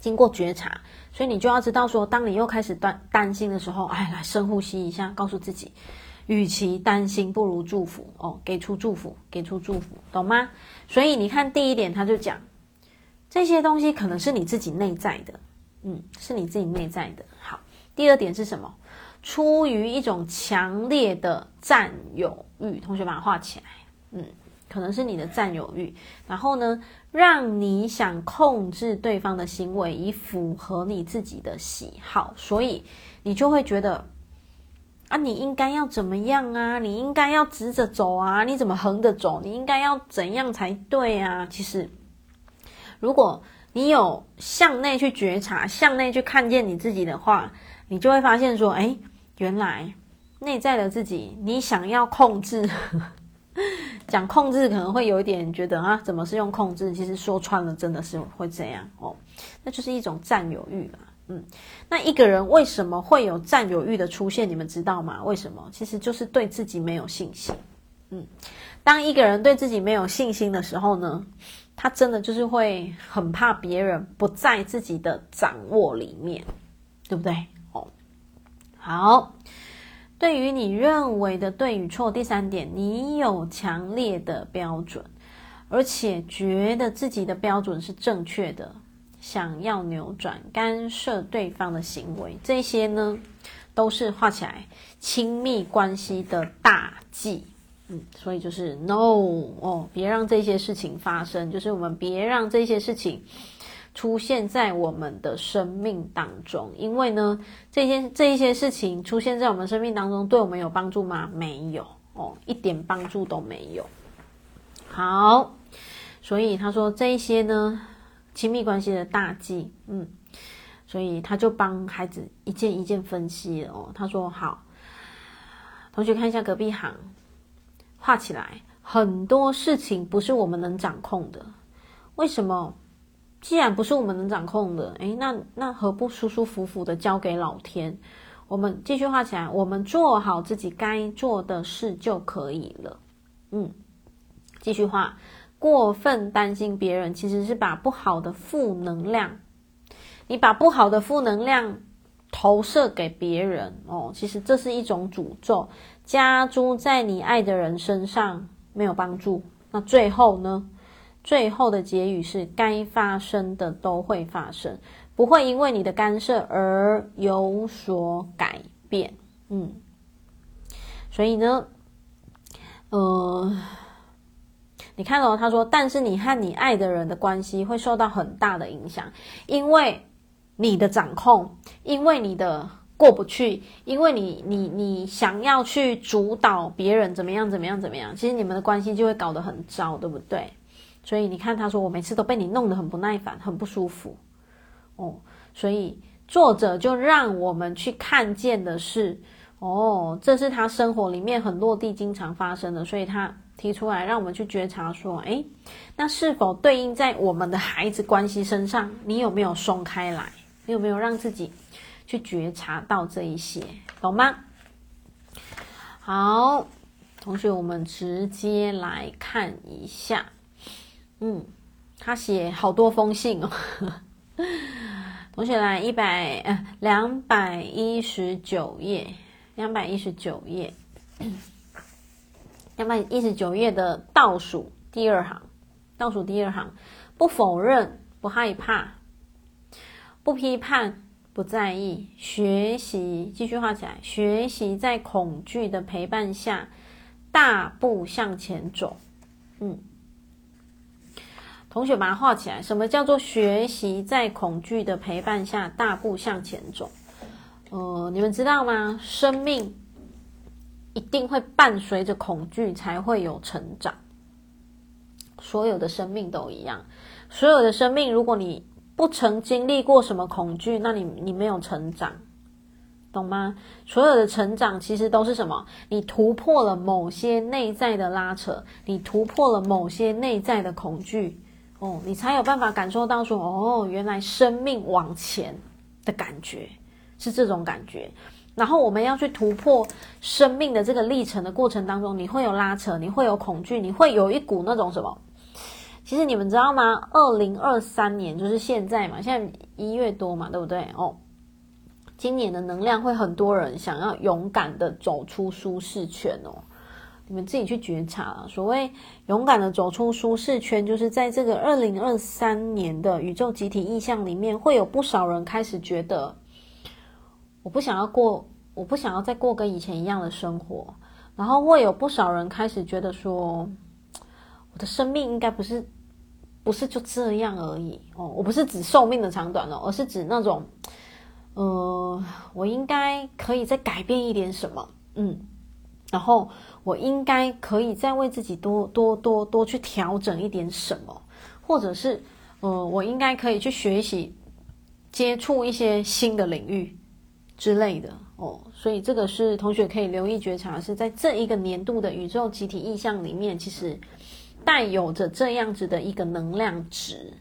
A: 經過覺察，所以你就要知道說，當你又開始擔擔心的時候，哎，來深呼吸一下，告訴自己，與其擔心，不如祝福哦，給出祝福，給出祝福，懂嗎？所以你看，第一點他就講。這些東西可能是你自己內在的，嗯，是你自己內在的。好，第二點是什麼？出於一種強烈的占有欲，同學把它畫起來，嗯，可能是你的占有欲，然後呢，讓你想控制對方的行為，以符合你自己的喜好，所以你就會覺得，啊，你應該要怎麼樣啊？你應該要直着走啊？你怎麼橫着走？你應該要怎樣才對啊？其實。如果你有向內去覺察，向內去看見你自己的話，你就會發現說：哎，原來內在的自己，你想要控制，呵呵講控制可能會有一點覺得啊，怎麼是用控制？其實說穿了，真的是會這樣哦，那就是一種佔有慾了。嗯，那一個人為什麼會有佔有慾的出現？你們知道嗎？為什麼？其實就是對自己沒有信心。嗯，當一個人對自己沒有信心的時候呢？他真的就是會很怕別人不在自己的掌握裡面，對不對？哦，好。對於你認為的對與錯，第三點，你有強烈的標準，而且覺得自己的標準是正確的，想要扭轉干涉對方的行為，這些呢，都是畫起來親密關係的大忌。嗯，所以就是 no 哦，別讓這些事情發生，就是我們別讓這些事情出現在我們的生命當中，因為呢，這件這一些事情出現在我們生命當中，對我們有幫助嗎？沒有哦，一點幫助都沒有。好，所以他說這一些呢，親密關係的大忌，嗯，所以他就幫孩子一件一件分析了哦，他說好，同學看一下隔壁行。畫起來，很多事情不是我們能掌控的。為什麼？既然不是我們能掌控的，誒，那那何不舒舒服服的交給老天？我們繼續畫起來，我們做好自己該做的事就可以了。嗯，繼續畫。過分擔心別人，其實是把不好的負能量，你把不好的負能量投射給別人哦，其實這是一種詛咒。加諸在你愛的人身上，沒有幫助。那最後呢？最後的結語是：該發生的都會發生，不會因為你的干涉而有所改變。嗯，所以呢，呃，你看到、哦、他說：“但是你和你愛的人的關係會受到很大的影響，因為你的掌控，因為你的。”過不去，因為你你你想要去主導別人怎麼樣怎麼樣怎麼樣，其實你們的關係就會搞得很糟，對不對？所以你看他說我每次都被你弄得很不耐煩，很不舒服。哦，所以作者就讓我們去看見的是，哦，這是他生活裡面很落地經常發生的，所以他提出來讓我們去覺察說，誒，那是否對應在我們的孩子關係身上？你有沒有鬆開來？你有沒有讓自己？去覺察到這一些，懂嗎？好，同學，我們直接來看一下。嗯，他寫好多封信哦。呵呵，同學，來，一百，呃，兩百一十九頁，兩百一十九頁，兩百一十九頁的倒數第二行，倒數第二行，不否認，不害怕，不批判。不在意學習，繼續畫起來。學習在恐懼的陪伴下大步向前走。嗯，同學把它畫起來。什麼叫做學習在恐懼的陪伴下大步向前走？呃，你們知道嗎？生命一定會伴隨着恐懼才會有成長。所有的生命都一樣。所有的生命，如果你。不曾經歷過什麼恐懼，那你你沒有成長，懂嗎？所有的成長其實都是什麼？你突破了某些內在的拉扯，你突破了某些內在的恐懼，哦，你才有辦法感受到說，哦，原來生命往前的感覺是這種感覺。然後我們要去突破生命的這個歷程的過程當中，你會有拉扯，你會有恐懼，你會有一股那種什麼？其實你們知道嗎？二零二三年就是現在嘛，現在一月多嘛，對不對？哦，今年的能量會很多人想要勇敢的走出舒適圈哦。你們自己去覺察了，所謂勇敢的走出舒適圈，就是在這個二零二三年的宇宙集體意象裡面，會有不少人開始覺得，我不想要過，我不想要再過跟以前一樣的生活。然後會有不少人開始覺得說。我的生命應該不是，不是就這樣而已哦，我不是指壽命的長短哦，而是指那種，呃，我應該可以再改變一點什麼，嗯，然後我應該可以再為自己多多多多去調整一點什麼，或者是呃，我應該可以去學習接觸一些新的領域之類的哦，所以這個是同學可以留意覺察，是在這一個年度的宇宙集體意向裡面，其實。帶有着這樣子的一個能量值，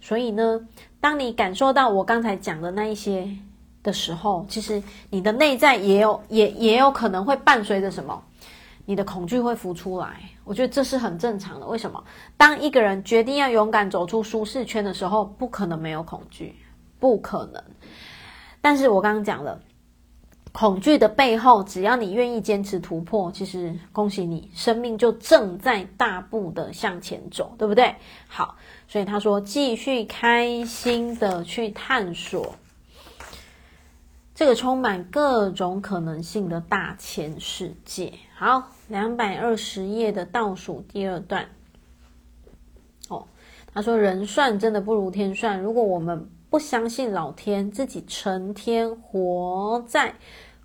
A: 所以呢，當你感受到我剛才講的那一些的時候，其實你的內在也有，也也有可能會伴隨着什麼，你的恐懼會浮出來。我覺得這是很正常的。為什麼？當一個人決定要勇敢走出舒適圈的時候，不可能沒有恐懼，不可能。但是我剛剛講了。恐懼的背後，只要你願意堅持突破，其實恭喜你，生命就正在大步的向前走，對不對？好，所以他說，繼續開心的去探索這個充滿各種可能性的大千世界。好，兩百二十頁的倒數第二段。哦，他說：“人算真的不如天算，如果我們不相信老天，自己成天活在。”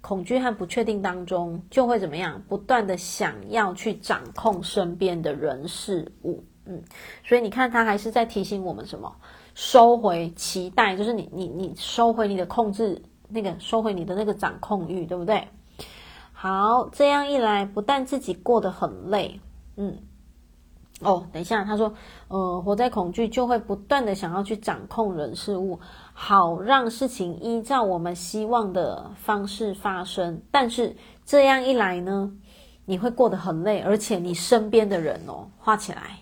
A: 恐懼和不確定當中，就會怎麼樣？不斷的想要去掌控身邊的人事物，嗯，所以你看，他還是在提醒我們什麼？收回期待，就是你、你、你收回你的控制，那個收回你的那個掌控欲，對不對？好，這樣一來，不但自己過得很累，嗯，哦，等一下，他說，呃，活在恐懼就會不斷的想要去掌控人事物。好讓事情依照我們希望的方式發生，但是這樣一來呢，你會過得很累，而且你身邊的人哦，畫起來，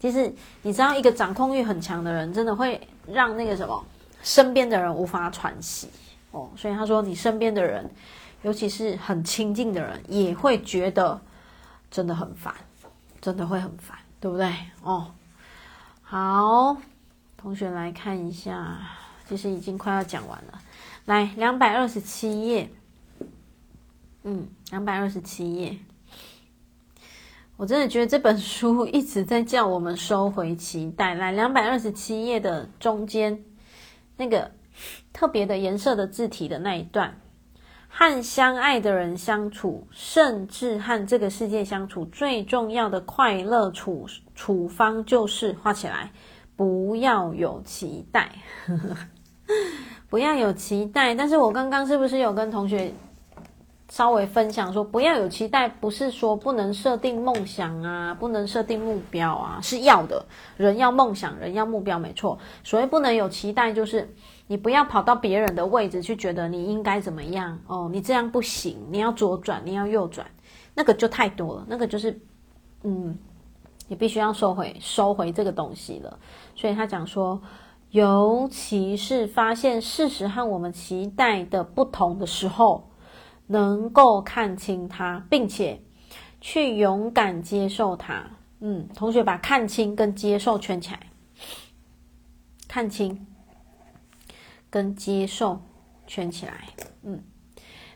A: 其實你知道，一個掌控欲很強的人，真的會讓那個什麼身邊的人無法喘息哦。所以他說，你身邊的人，尤其是很親近的人，也會覺得真的很煩，真的會很煩，對不對？哦，好，同學來看一下。其實已經快要講完了，來兩百二十七頁，嗯，兩百二十七頁，我真的覺得這本書一直在叫我們收回期待。來兩百二十七頁的中間那個特別的顏色的字體的那一段，和相愛的人相處，甚至和這個世界相處，最重要的快樂處處方就是畫起來，不要有期待。 不要有期待，但是我剛剛是不是有跟同學稍微分享說，不要有期待，不是說不能設定夢想啊，不能設定目標啊，是要的，人要夢想，人要目標，沒錯。所謂不能有期待，就是你不要跑到別人的位置去，覺得你應該怎麼樣哦，你這樣不行，你要左轉，你要右轉，那個就太多了，那個就是，嗯，你必須要收回，收回這個東西了。所以他講說。尤其是發現事實和我們期待的不同的時候，能夠看清它，並且去勇敢接受它。嗯，同學把看清跟接受圈起來。看清跟接受圈起來。嗯，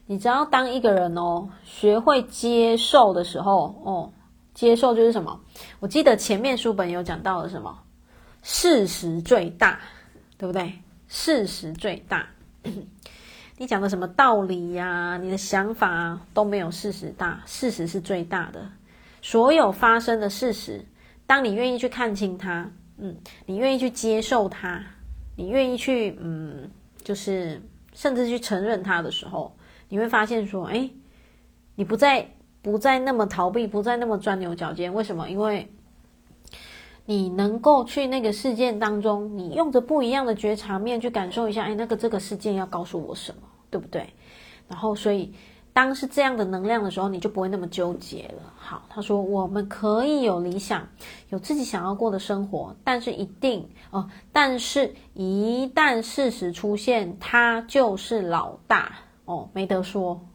A: 你知道，當一個人哦學會接受的時候哦，接受就是什麼？我記得前面書本有講到了什麼？事實最大，對不對？事實最大， 你講的什麼道理呀、啊？你的想法啊，都沒有事實大，事實是最大的。所有發生的事實，當你願意去看清它，嗯，你願意去接受它，你願意去，嗯，就是甚至去承認它的時候，你會發現說，哎，你不再不再那麼逃避，不再那麼鑽牛角尖。為什麼？因為。你能夠去那個事件當中，你用着不一樣的覺察面去感受一下，哎，那個這個事件要告訴我什麼，對不對？然後，所以當是這樣的能量的時候，你就不會那麼糾結了。好，他說我們可以有理想，有自己想要過的生活，但是一定哦，但是一旦事實出現，他就是老大哦，沒得說，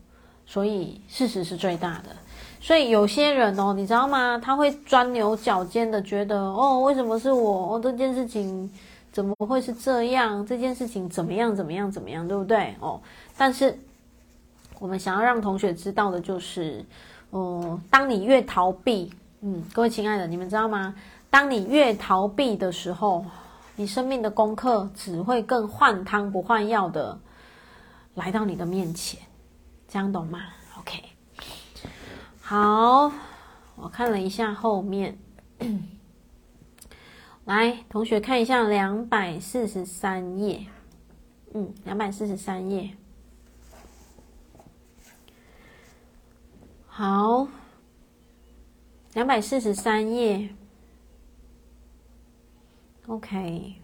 A: 所以事實是最大的。所以有些人哦，你知道嗎？他會鑽牛角尖的，覺得哦，為什麼是我？哦，這件事情怎麼會是這樣？這件事情怎麼樣？怎麼樣？怎麼樣？對不對？哦，但是我們想要讓同學知道的就是，哦、呃，當你越逃避，嗯，各位親愛的，你們知道嗎？當你越逃避的時候，你生命的功課只會更換湯不換藥的來到你的面前，這樣懂嗎？好，我看了一下後面， 來，同學看一下兩百四十三頁，嗯，兩百四十三頁，好，兩百四十三頁，OK，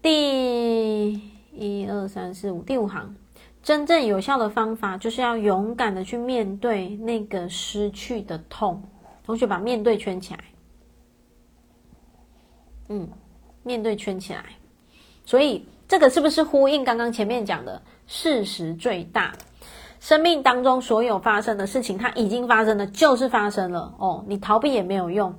A: 第一二三四五，第五行。真正有效的方法就是要勇敢的去面對那個失去的痛。同學把面對圈起來。嗯，面對圈起來。所以這個是不是呼應剛剛前面講的事實最大？生命當中所有發生的事情，它已經發生了，就是發生了。哦，你逃避也沒有用。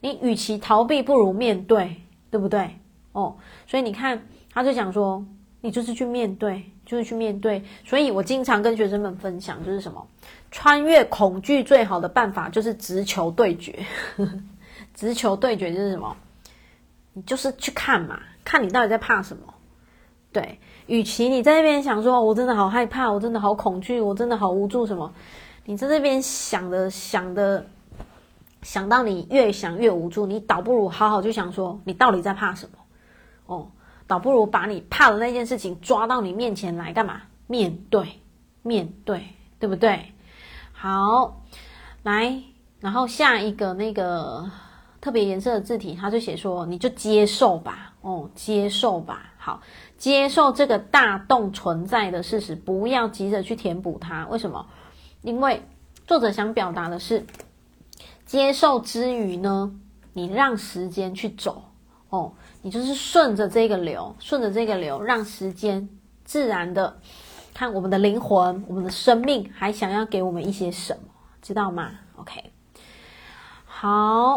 A: 你與其逃避，不如面對，對不對？哦，所以你看，他就想說。你就是去面對，就是去面對。所以我經常跟學生們分享，就是什麼，穿越恐懼最好的辦法就是直球對決。呵呵，直球對決就是什麼？你就是去看嘛，看你到底在怕什麼。對，與其你在那邊想說，我真的好害怕，我真的好恐懼，我真的好無助什麼，你在那邊想的想的，想到你越想越無助，你倒不如好好就想說，你到底在怕什麼？哦。倒不如把你怕的那件事情抓到你面前來，幹嘛？面對，面對，對不對？好，來，然後下一個那個特別顏色的字體，他就寫說：“你就接受吧，哦，接受吧，好，接受這個大洞存在的事實，不要急着去填補它。為什麼？因為作者想表達的是，接受之餘呢，你讓時間去走，哦。”你就是順着這個流，順着這個流，讓時間自然的看我們的靈魂，我們的生命還想要給我們一些什麼，知道嗎？OK，好，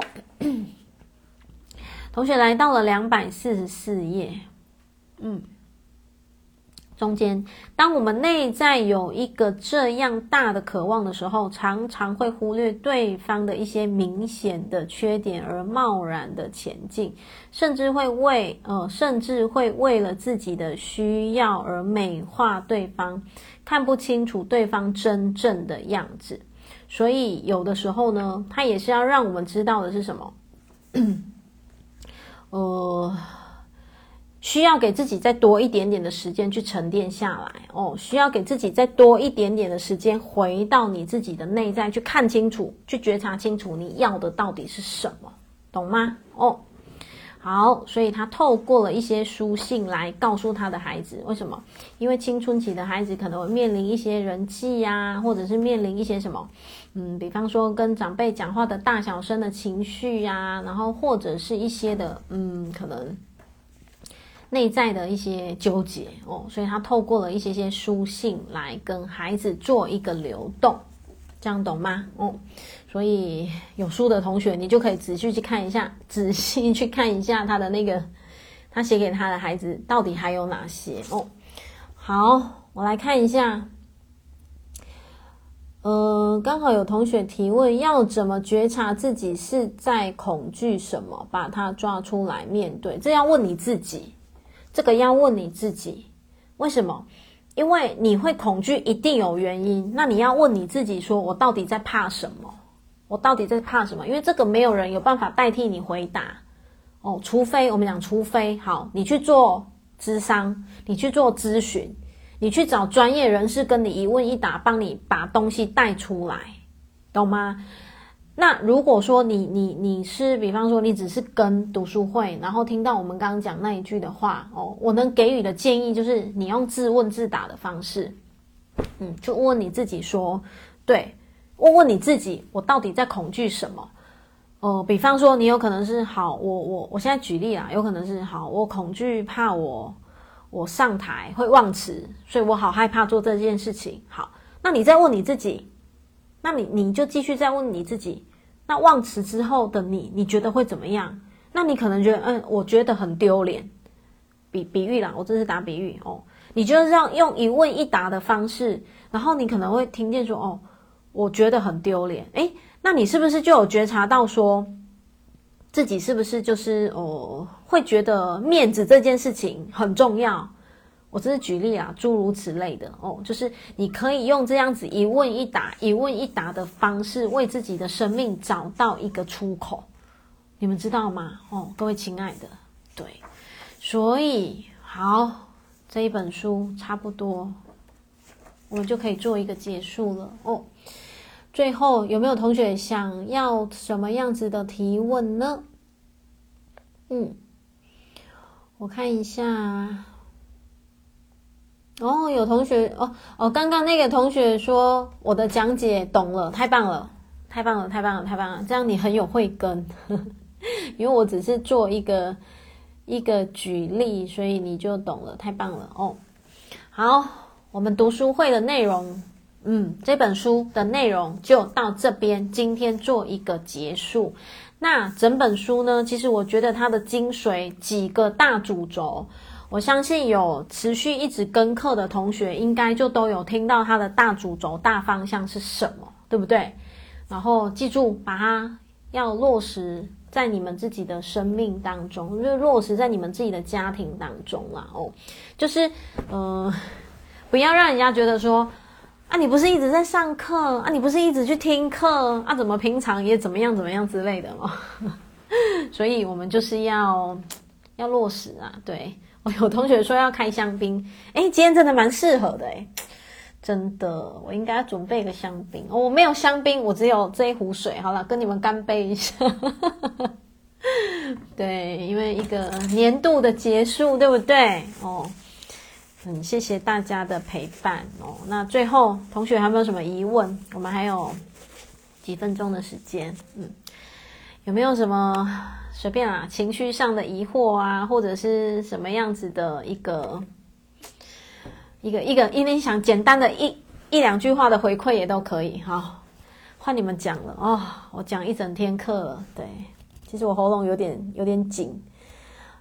A: 同學來到了兩百四十四頁，嗯。中間，當我們內在有一個這樣大的渴望的時候，常常會忽略對方的一些明顯的缺點而貿然的前進，甚至會為呃，甚至會為了自己的需要而美化對方，看不清楚對方真正的樣子。所以有的時候呢，它也是要讓我們知道的是什麼？ 呃。需要給自己再多一點點的時間去沉澱下來哦，需要給自己再多一點點的時間回到你自己的內在，去看清楚，去覺察清楚你要的到底是什麼，懂嗎？哦，好，所以他透過了一些書信來告訴他的孩子為什麼？因為青春期的孩子可能會面臨一些人際呀、啊，或者是面臨一些什麼，嗯，比方說跟長輩講話的大小聲的情緒呀、啊，然後或者是一些的，嗯，可能。內在的一些糾結哦，所以他透過了一些些書信來跟孩子做一個流動，這樣懂嗎？哦、嗯，所以有書的同學，你就可以仔細去看一下，仔細去看一下他的那個他寫給他的孩子到底還有哪些哦。好，我來看一下，呃，剛好有同學提問，要怎麼覺察自己是在恐懼什麼，把他抓出來面對？這要問你自己。這個要問你自己，為什麼？因為你會恐懼，一定有原因。那你要問你自己說，說我到底在怕什麼？我到底在怕什麼？因為這個沒有人有辦法代替你回答。哦，除非我們講，除非好，你去做諮商，你去做諮詢，你去找專業人士跟你一問一答，幫你把東西帶出來，懂嗎？那如果說你你你是，比方說你只是跟讀書會，然後聽到我們剛剛講那一句的話哦,我能給予的建議就是，你用自問自答的方式，嗯，就問你自己說，對，問問你自己，我到底在恐懼什麼？呃，比方說你有可能是好，我我我現在舉例啦，有可能是好，我恐懼怕我我上台會忘詞，所以我好害怕做這件事情。好，那你再問你自己，那你你就繼續再問你自己。那忘詞之後的你，你覺得會怎麼樣？那你可能覺得，嗯，我覺得很丟臉。比比喻啦，我這是打比喻哦。你就是這樣用一問一答的方式，然後你可能會聽見說，哦，我覺得很丟臉。誒，那你是不是就有覺察到說，自己是不是就是哦、呃，會覺得面子這件事情很重要？我只是舉例啊，諸如此類的哦，就是你可以用這樣子一問一答，一問一答的方式，為自己的生命找到一個出口，你們知道嗎？哦，各位親愛的，對，所以好，這一本書差不多，我們就可以做一個結束了哦。最後，有沒有同學想要什麼樣子的提問呢？嗯，我看一下。哦，有同學哦，哦，剛剛那個同學說我的講解懂了，太棒了，太棒了，太棒了，太棒了，太棒了，這樣你很有慧根，呵呵，因為我只是做一個一個舉例，所以你就懂了，太棒了哦。好，我們讀書會的內容，嗯，這本書的內容就到這邊，今天做一個結束。那整本書呢，其實我覺得它的精髓幾個大主軸。我相信有持續一直跟課的同學，應該就都有聽到他的大主軸、大方向是什麼，對不對？然後記住，把它要落實在你們自己的生命當中，就是、落實在你們自己的家庭當中啦哦。哦，就是嗯、呃，不要讓人家覺得說啊，你不是一直在上課啊，你不是一直去聽課啊，怎麼平常也怎麼樣怎麼樣之類的嗎？ 所以我們就是要要落實啊，對。哦、有同學說要開香檳，哎、欸，今天真的蠻適合的哎、欸，真的，我應該要準備一個香檳。哦，我沒有香檳，我只有這一壺水。好了，跟你們乾杯一下。 對，因為一個年度的結束，對不對？哦，嗯，謝謝大家的陪伴哦。那最後，同學還有沒有什麼疑問？我們還有幾分鐘的時間，嗯，有沒有什麼？隨便啊，情緒上的疑惑啊，或者是什麼樣子的一個一個一個，因為你想簡單的一一兩句話的回饋也都可以，好，換你們講了啊、哦，我講一整天課了，對，其實我喉嚨有點有點緊。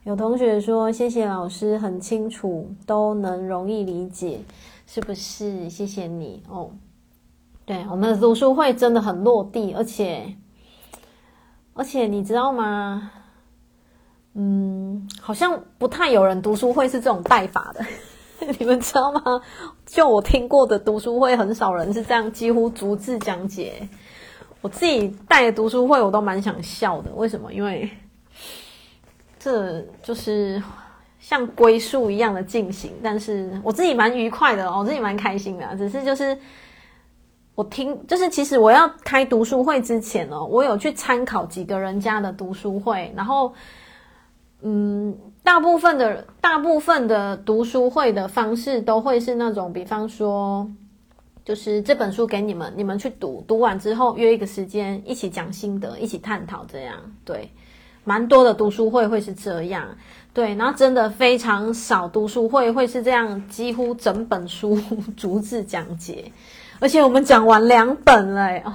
A: 有同學說謝謝老師，很清楚，都能容易理解，是不是？謝謝你哦。對，我們的讀書會真的很落地，而且。而且你知道嗎？嗯，好像不太有人讀書會是這種帶法的， 你們知道嗎？就我聽過的讀書會，很少人是這樣，幾乎逐字講解。我自己帶的讀書會，我都蠻想笑的。為什麼？因為這就是像龜速一樣的進行，但是我自己蠻愉快的哦，我自己蠻開心的啊，只是就是。我聽，就是其實我要開讀書會之前呢、哦，我有去參考幾個人家的讀書會，然後，嗯，大部分的大部分的讀書會的方式都會是那種，比方說，就是這本書給你們，你們去讀，讀完之後約一個時間一起講心得，一起探討，這樣，對，蠻多的讀書會會是這樣，對，然後真的非常少讀書會會是這樣，幾乎整本書 逐字講解。而且我們講完兩本嘞，哦，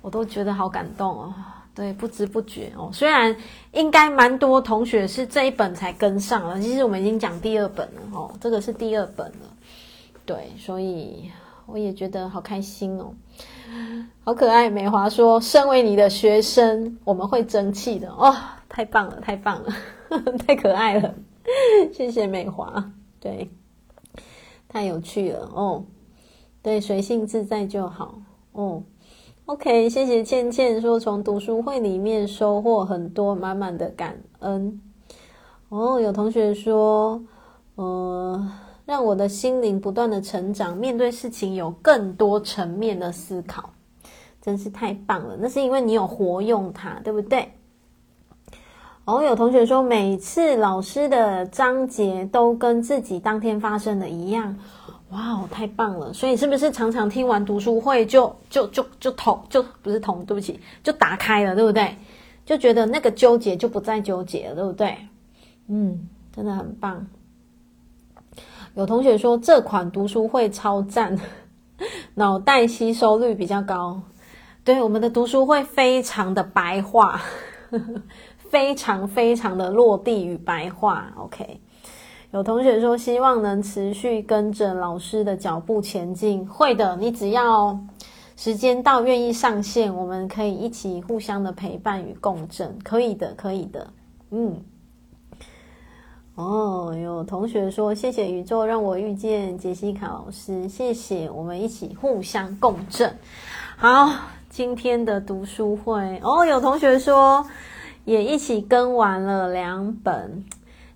A: 我都覺得好感動哦。對，不知不覺哦，雖然應該蠻多同學是這一本才跟上了，其實我們已經講第二本了哦，這個是第二本了。對，所以我也覺得好開心哦，好可愛。美華說：“身為你的學生，我們會爭氣的。”哦，太棒了，太棒了，呵呵，太可愛了。謝謝美華，對，太有趣了哦。對隨性自在就好。哦，OK，謝謝倩倩說從讀書會裡面收穫很多，滿滿的感恩。哦，有同學說，呃，讓我的心靈不斷的成長，面對事情有更多層面的思考，真是太棒了。那是因為你有活用它，對不對？哦，有同學說，每次老師的章節都跟自己當天發生的一樣。哇，太棒了！所以是不是常常聽完讀書會就就就就捅就，同就不是捅，對不起，就打開了，對不對？就覺得那個糾結就不再糾結了，對不對？嗯，真的很棒。有同學說，這款讀書會超讚，腦袋吸收率比較高。對，我們的讀書會非常的白話，非常非常的落地與白話。OK。有同學說，希望能持續跟着老師的腳步前進。會的，你只要時間到，願意上線，我們可以一起互相的陪伴與共振。可以的，可以的。嗯，哦，有同學說，謝謝宇宙讓我遇見潔西卡老師，謝謝，我們一起互相共振。好，今天的讀書會。哦，有同學說，也一起跟完了兩本。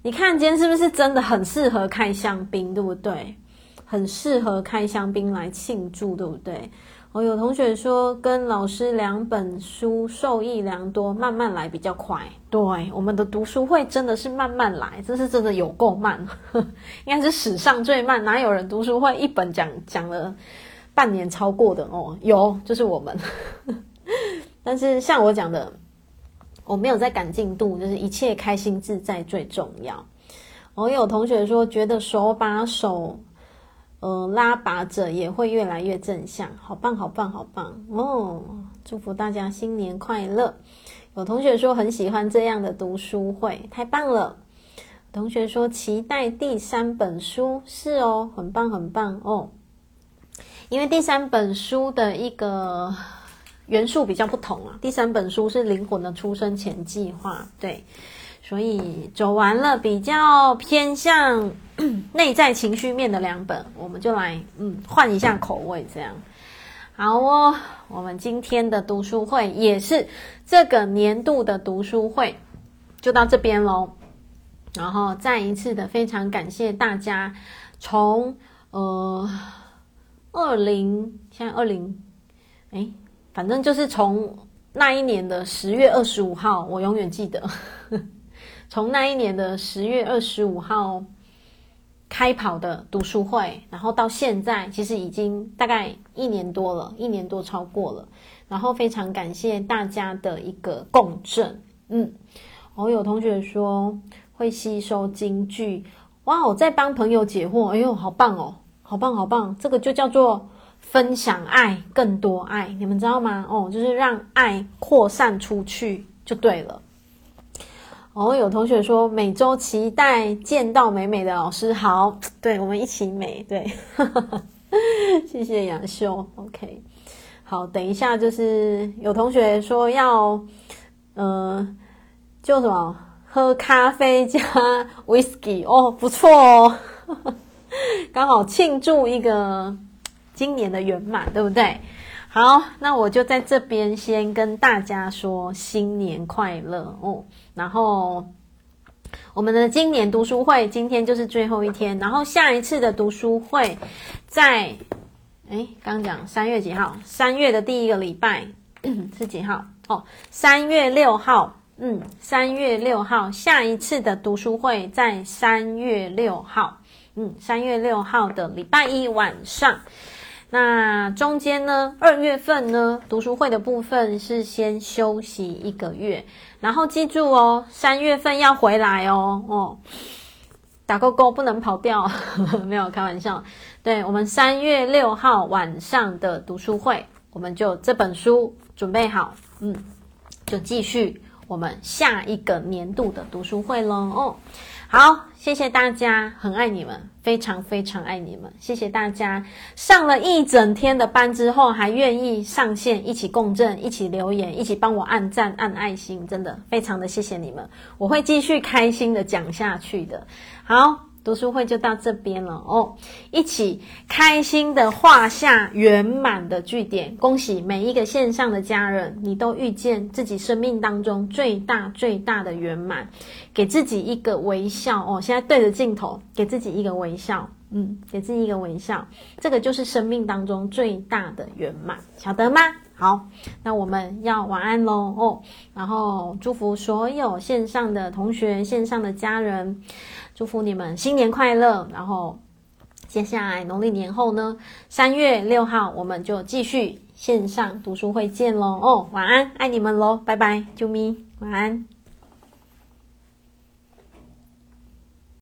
A: 你看今天是不是真的很適合開香檳，對不對？很適合開香檳來慶祝，對不對？哦，有同學說跟老師兩本書受益良多，慢慢來比較快。對，我們的讀書會真的是慢慢來，這是真的有夠慢，呵，應該是史上最慢。哪有人讀書會一本講講了半年超過的哦？有，就是我們。呵，但是像我講的。我、哦、沒有在趕進度，就是一切開心自在最重要。哦、我有同學說覺得手把手，呃，拉拔着也會越來越正向，好棒好棒好棒哦！祝福大家新年快樂。有同學說很喜歡這樣的讀書會，太棒了。同學說期待第三本書，是哦，很棒很棒哦。因為第三本書的一個。元素比較不同啊。第三本書是《靈魂的出生前計劃》，對，所以走完了比較偏向內在情緒面的兩本，我們就來嗯換一下口味，這樣好哦。我們今天的讀書會也是這個年度的讀書會，就到這邊嘍。然後再一次的非常感謝大家從，從呃二零現在二零誒反正就是從那一年的十月二十五號，我永遠記得。呵呵從那一年的十月二十五號開跑的讀書會，然後到現在，其實已經大概一年多了，一年多超過了。然後非常感謝大家的一個共振。嗯，我、哦、有同學說會吸收金句，哇、哦！我在幫朋友解惑，哎呦，好棒哦，好棒，好棒！這個就叫做。分享愛，更多愛，你們知道嗎？哦，就是讓愛擴散出去就對了。哦，有同學說每周期待見到美美的老師，好，對，我們一起美，對，呵呵謝謝楊秀，OK。好，等一下就是有同學說要，嗯、呃，就什麼喝咖啡加威士忌哦，不錯哦，剛好慶祝一個。今年的圓滿，對不對？好，那我就在這邊先跟大家說新年快樂哦。然後我們的今年讀書會今天就是最後一天，然後下一次的讀書會在，哎，剛講三月幾號？三月的第一個禮拜是幾號？哦，三月六號。嗯，三月六號，下一次的讀書會在三月六號。嗯，三月六號的禮拜一晚上。那中間呢？二月份呢？讀書會的部分是先休息一個月，然後記住哦，三月份要回來哦，哦，打勾勾不能跑掉，呵呵，沒有開玩笑。對，我們三月六號晚上的讀書會，我們就這本書準備好，嗯，就繼續我們下一個年度的讀書會咯。哦。好，謝謝大家，很愛你們，非常非常愛你們，謝謝大家。上了一整天的班之後，還願意上線一起共振，一起留言，一起幫我按讚、按愛心，真的非常的謝謝你們。我會繼續開心的講下去的。好。讀書會就到這邊了哦，一起開心的畫下圓滿的句點。恭喜每一個線上的家人，你都遇見自己生命當中最大最大的圓滿，給自己一個微笑哦。現在對着鏡頭，給自己一個微笑，嗯，給自己一個微笑，這個就是生命當中最大的圓滿，曉得嗎？好，那我們要晚安嘍哦，然後祝福所有線上的同學、線上的家人。祝福你們新年快樂！然後接下來農曆年後呢，三月六號我們就繼續線上讀書會見嘍。哦，晚安，愛你們嘍，拜拜，啾咪，晚安。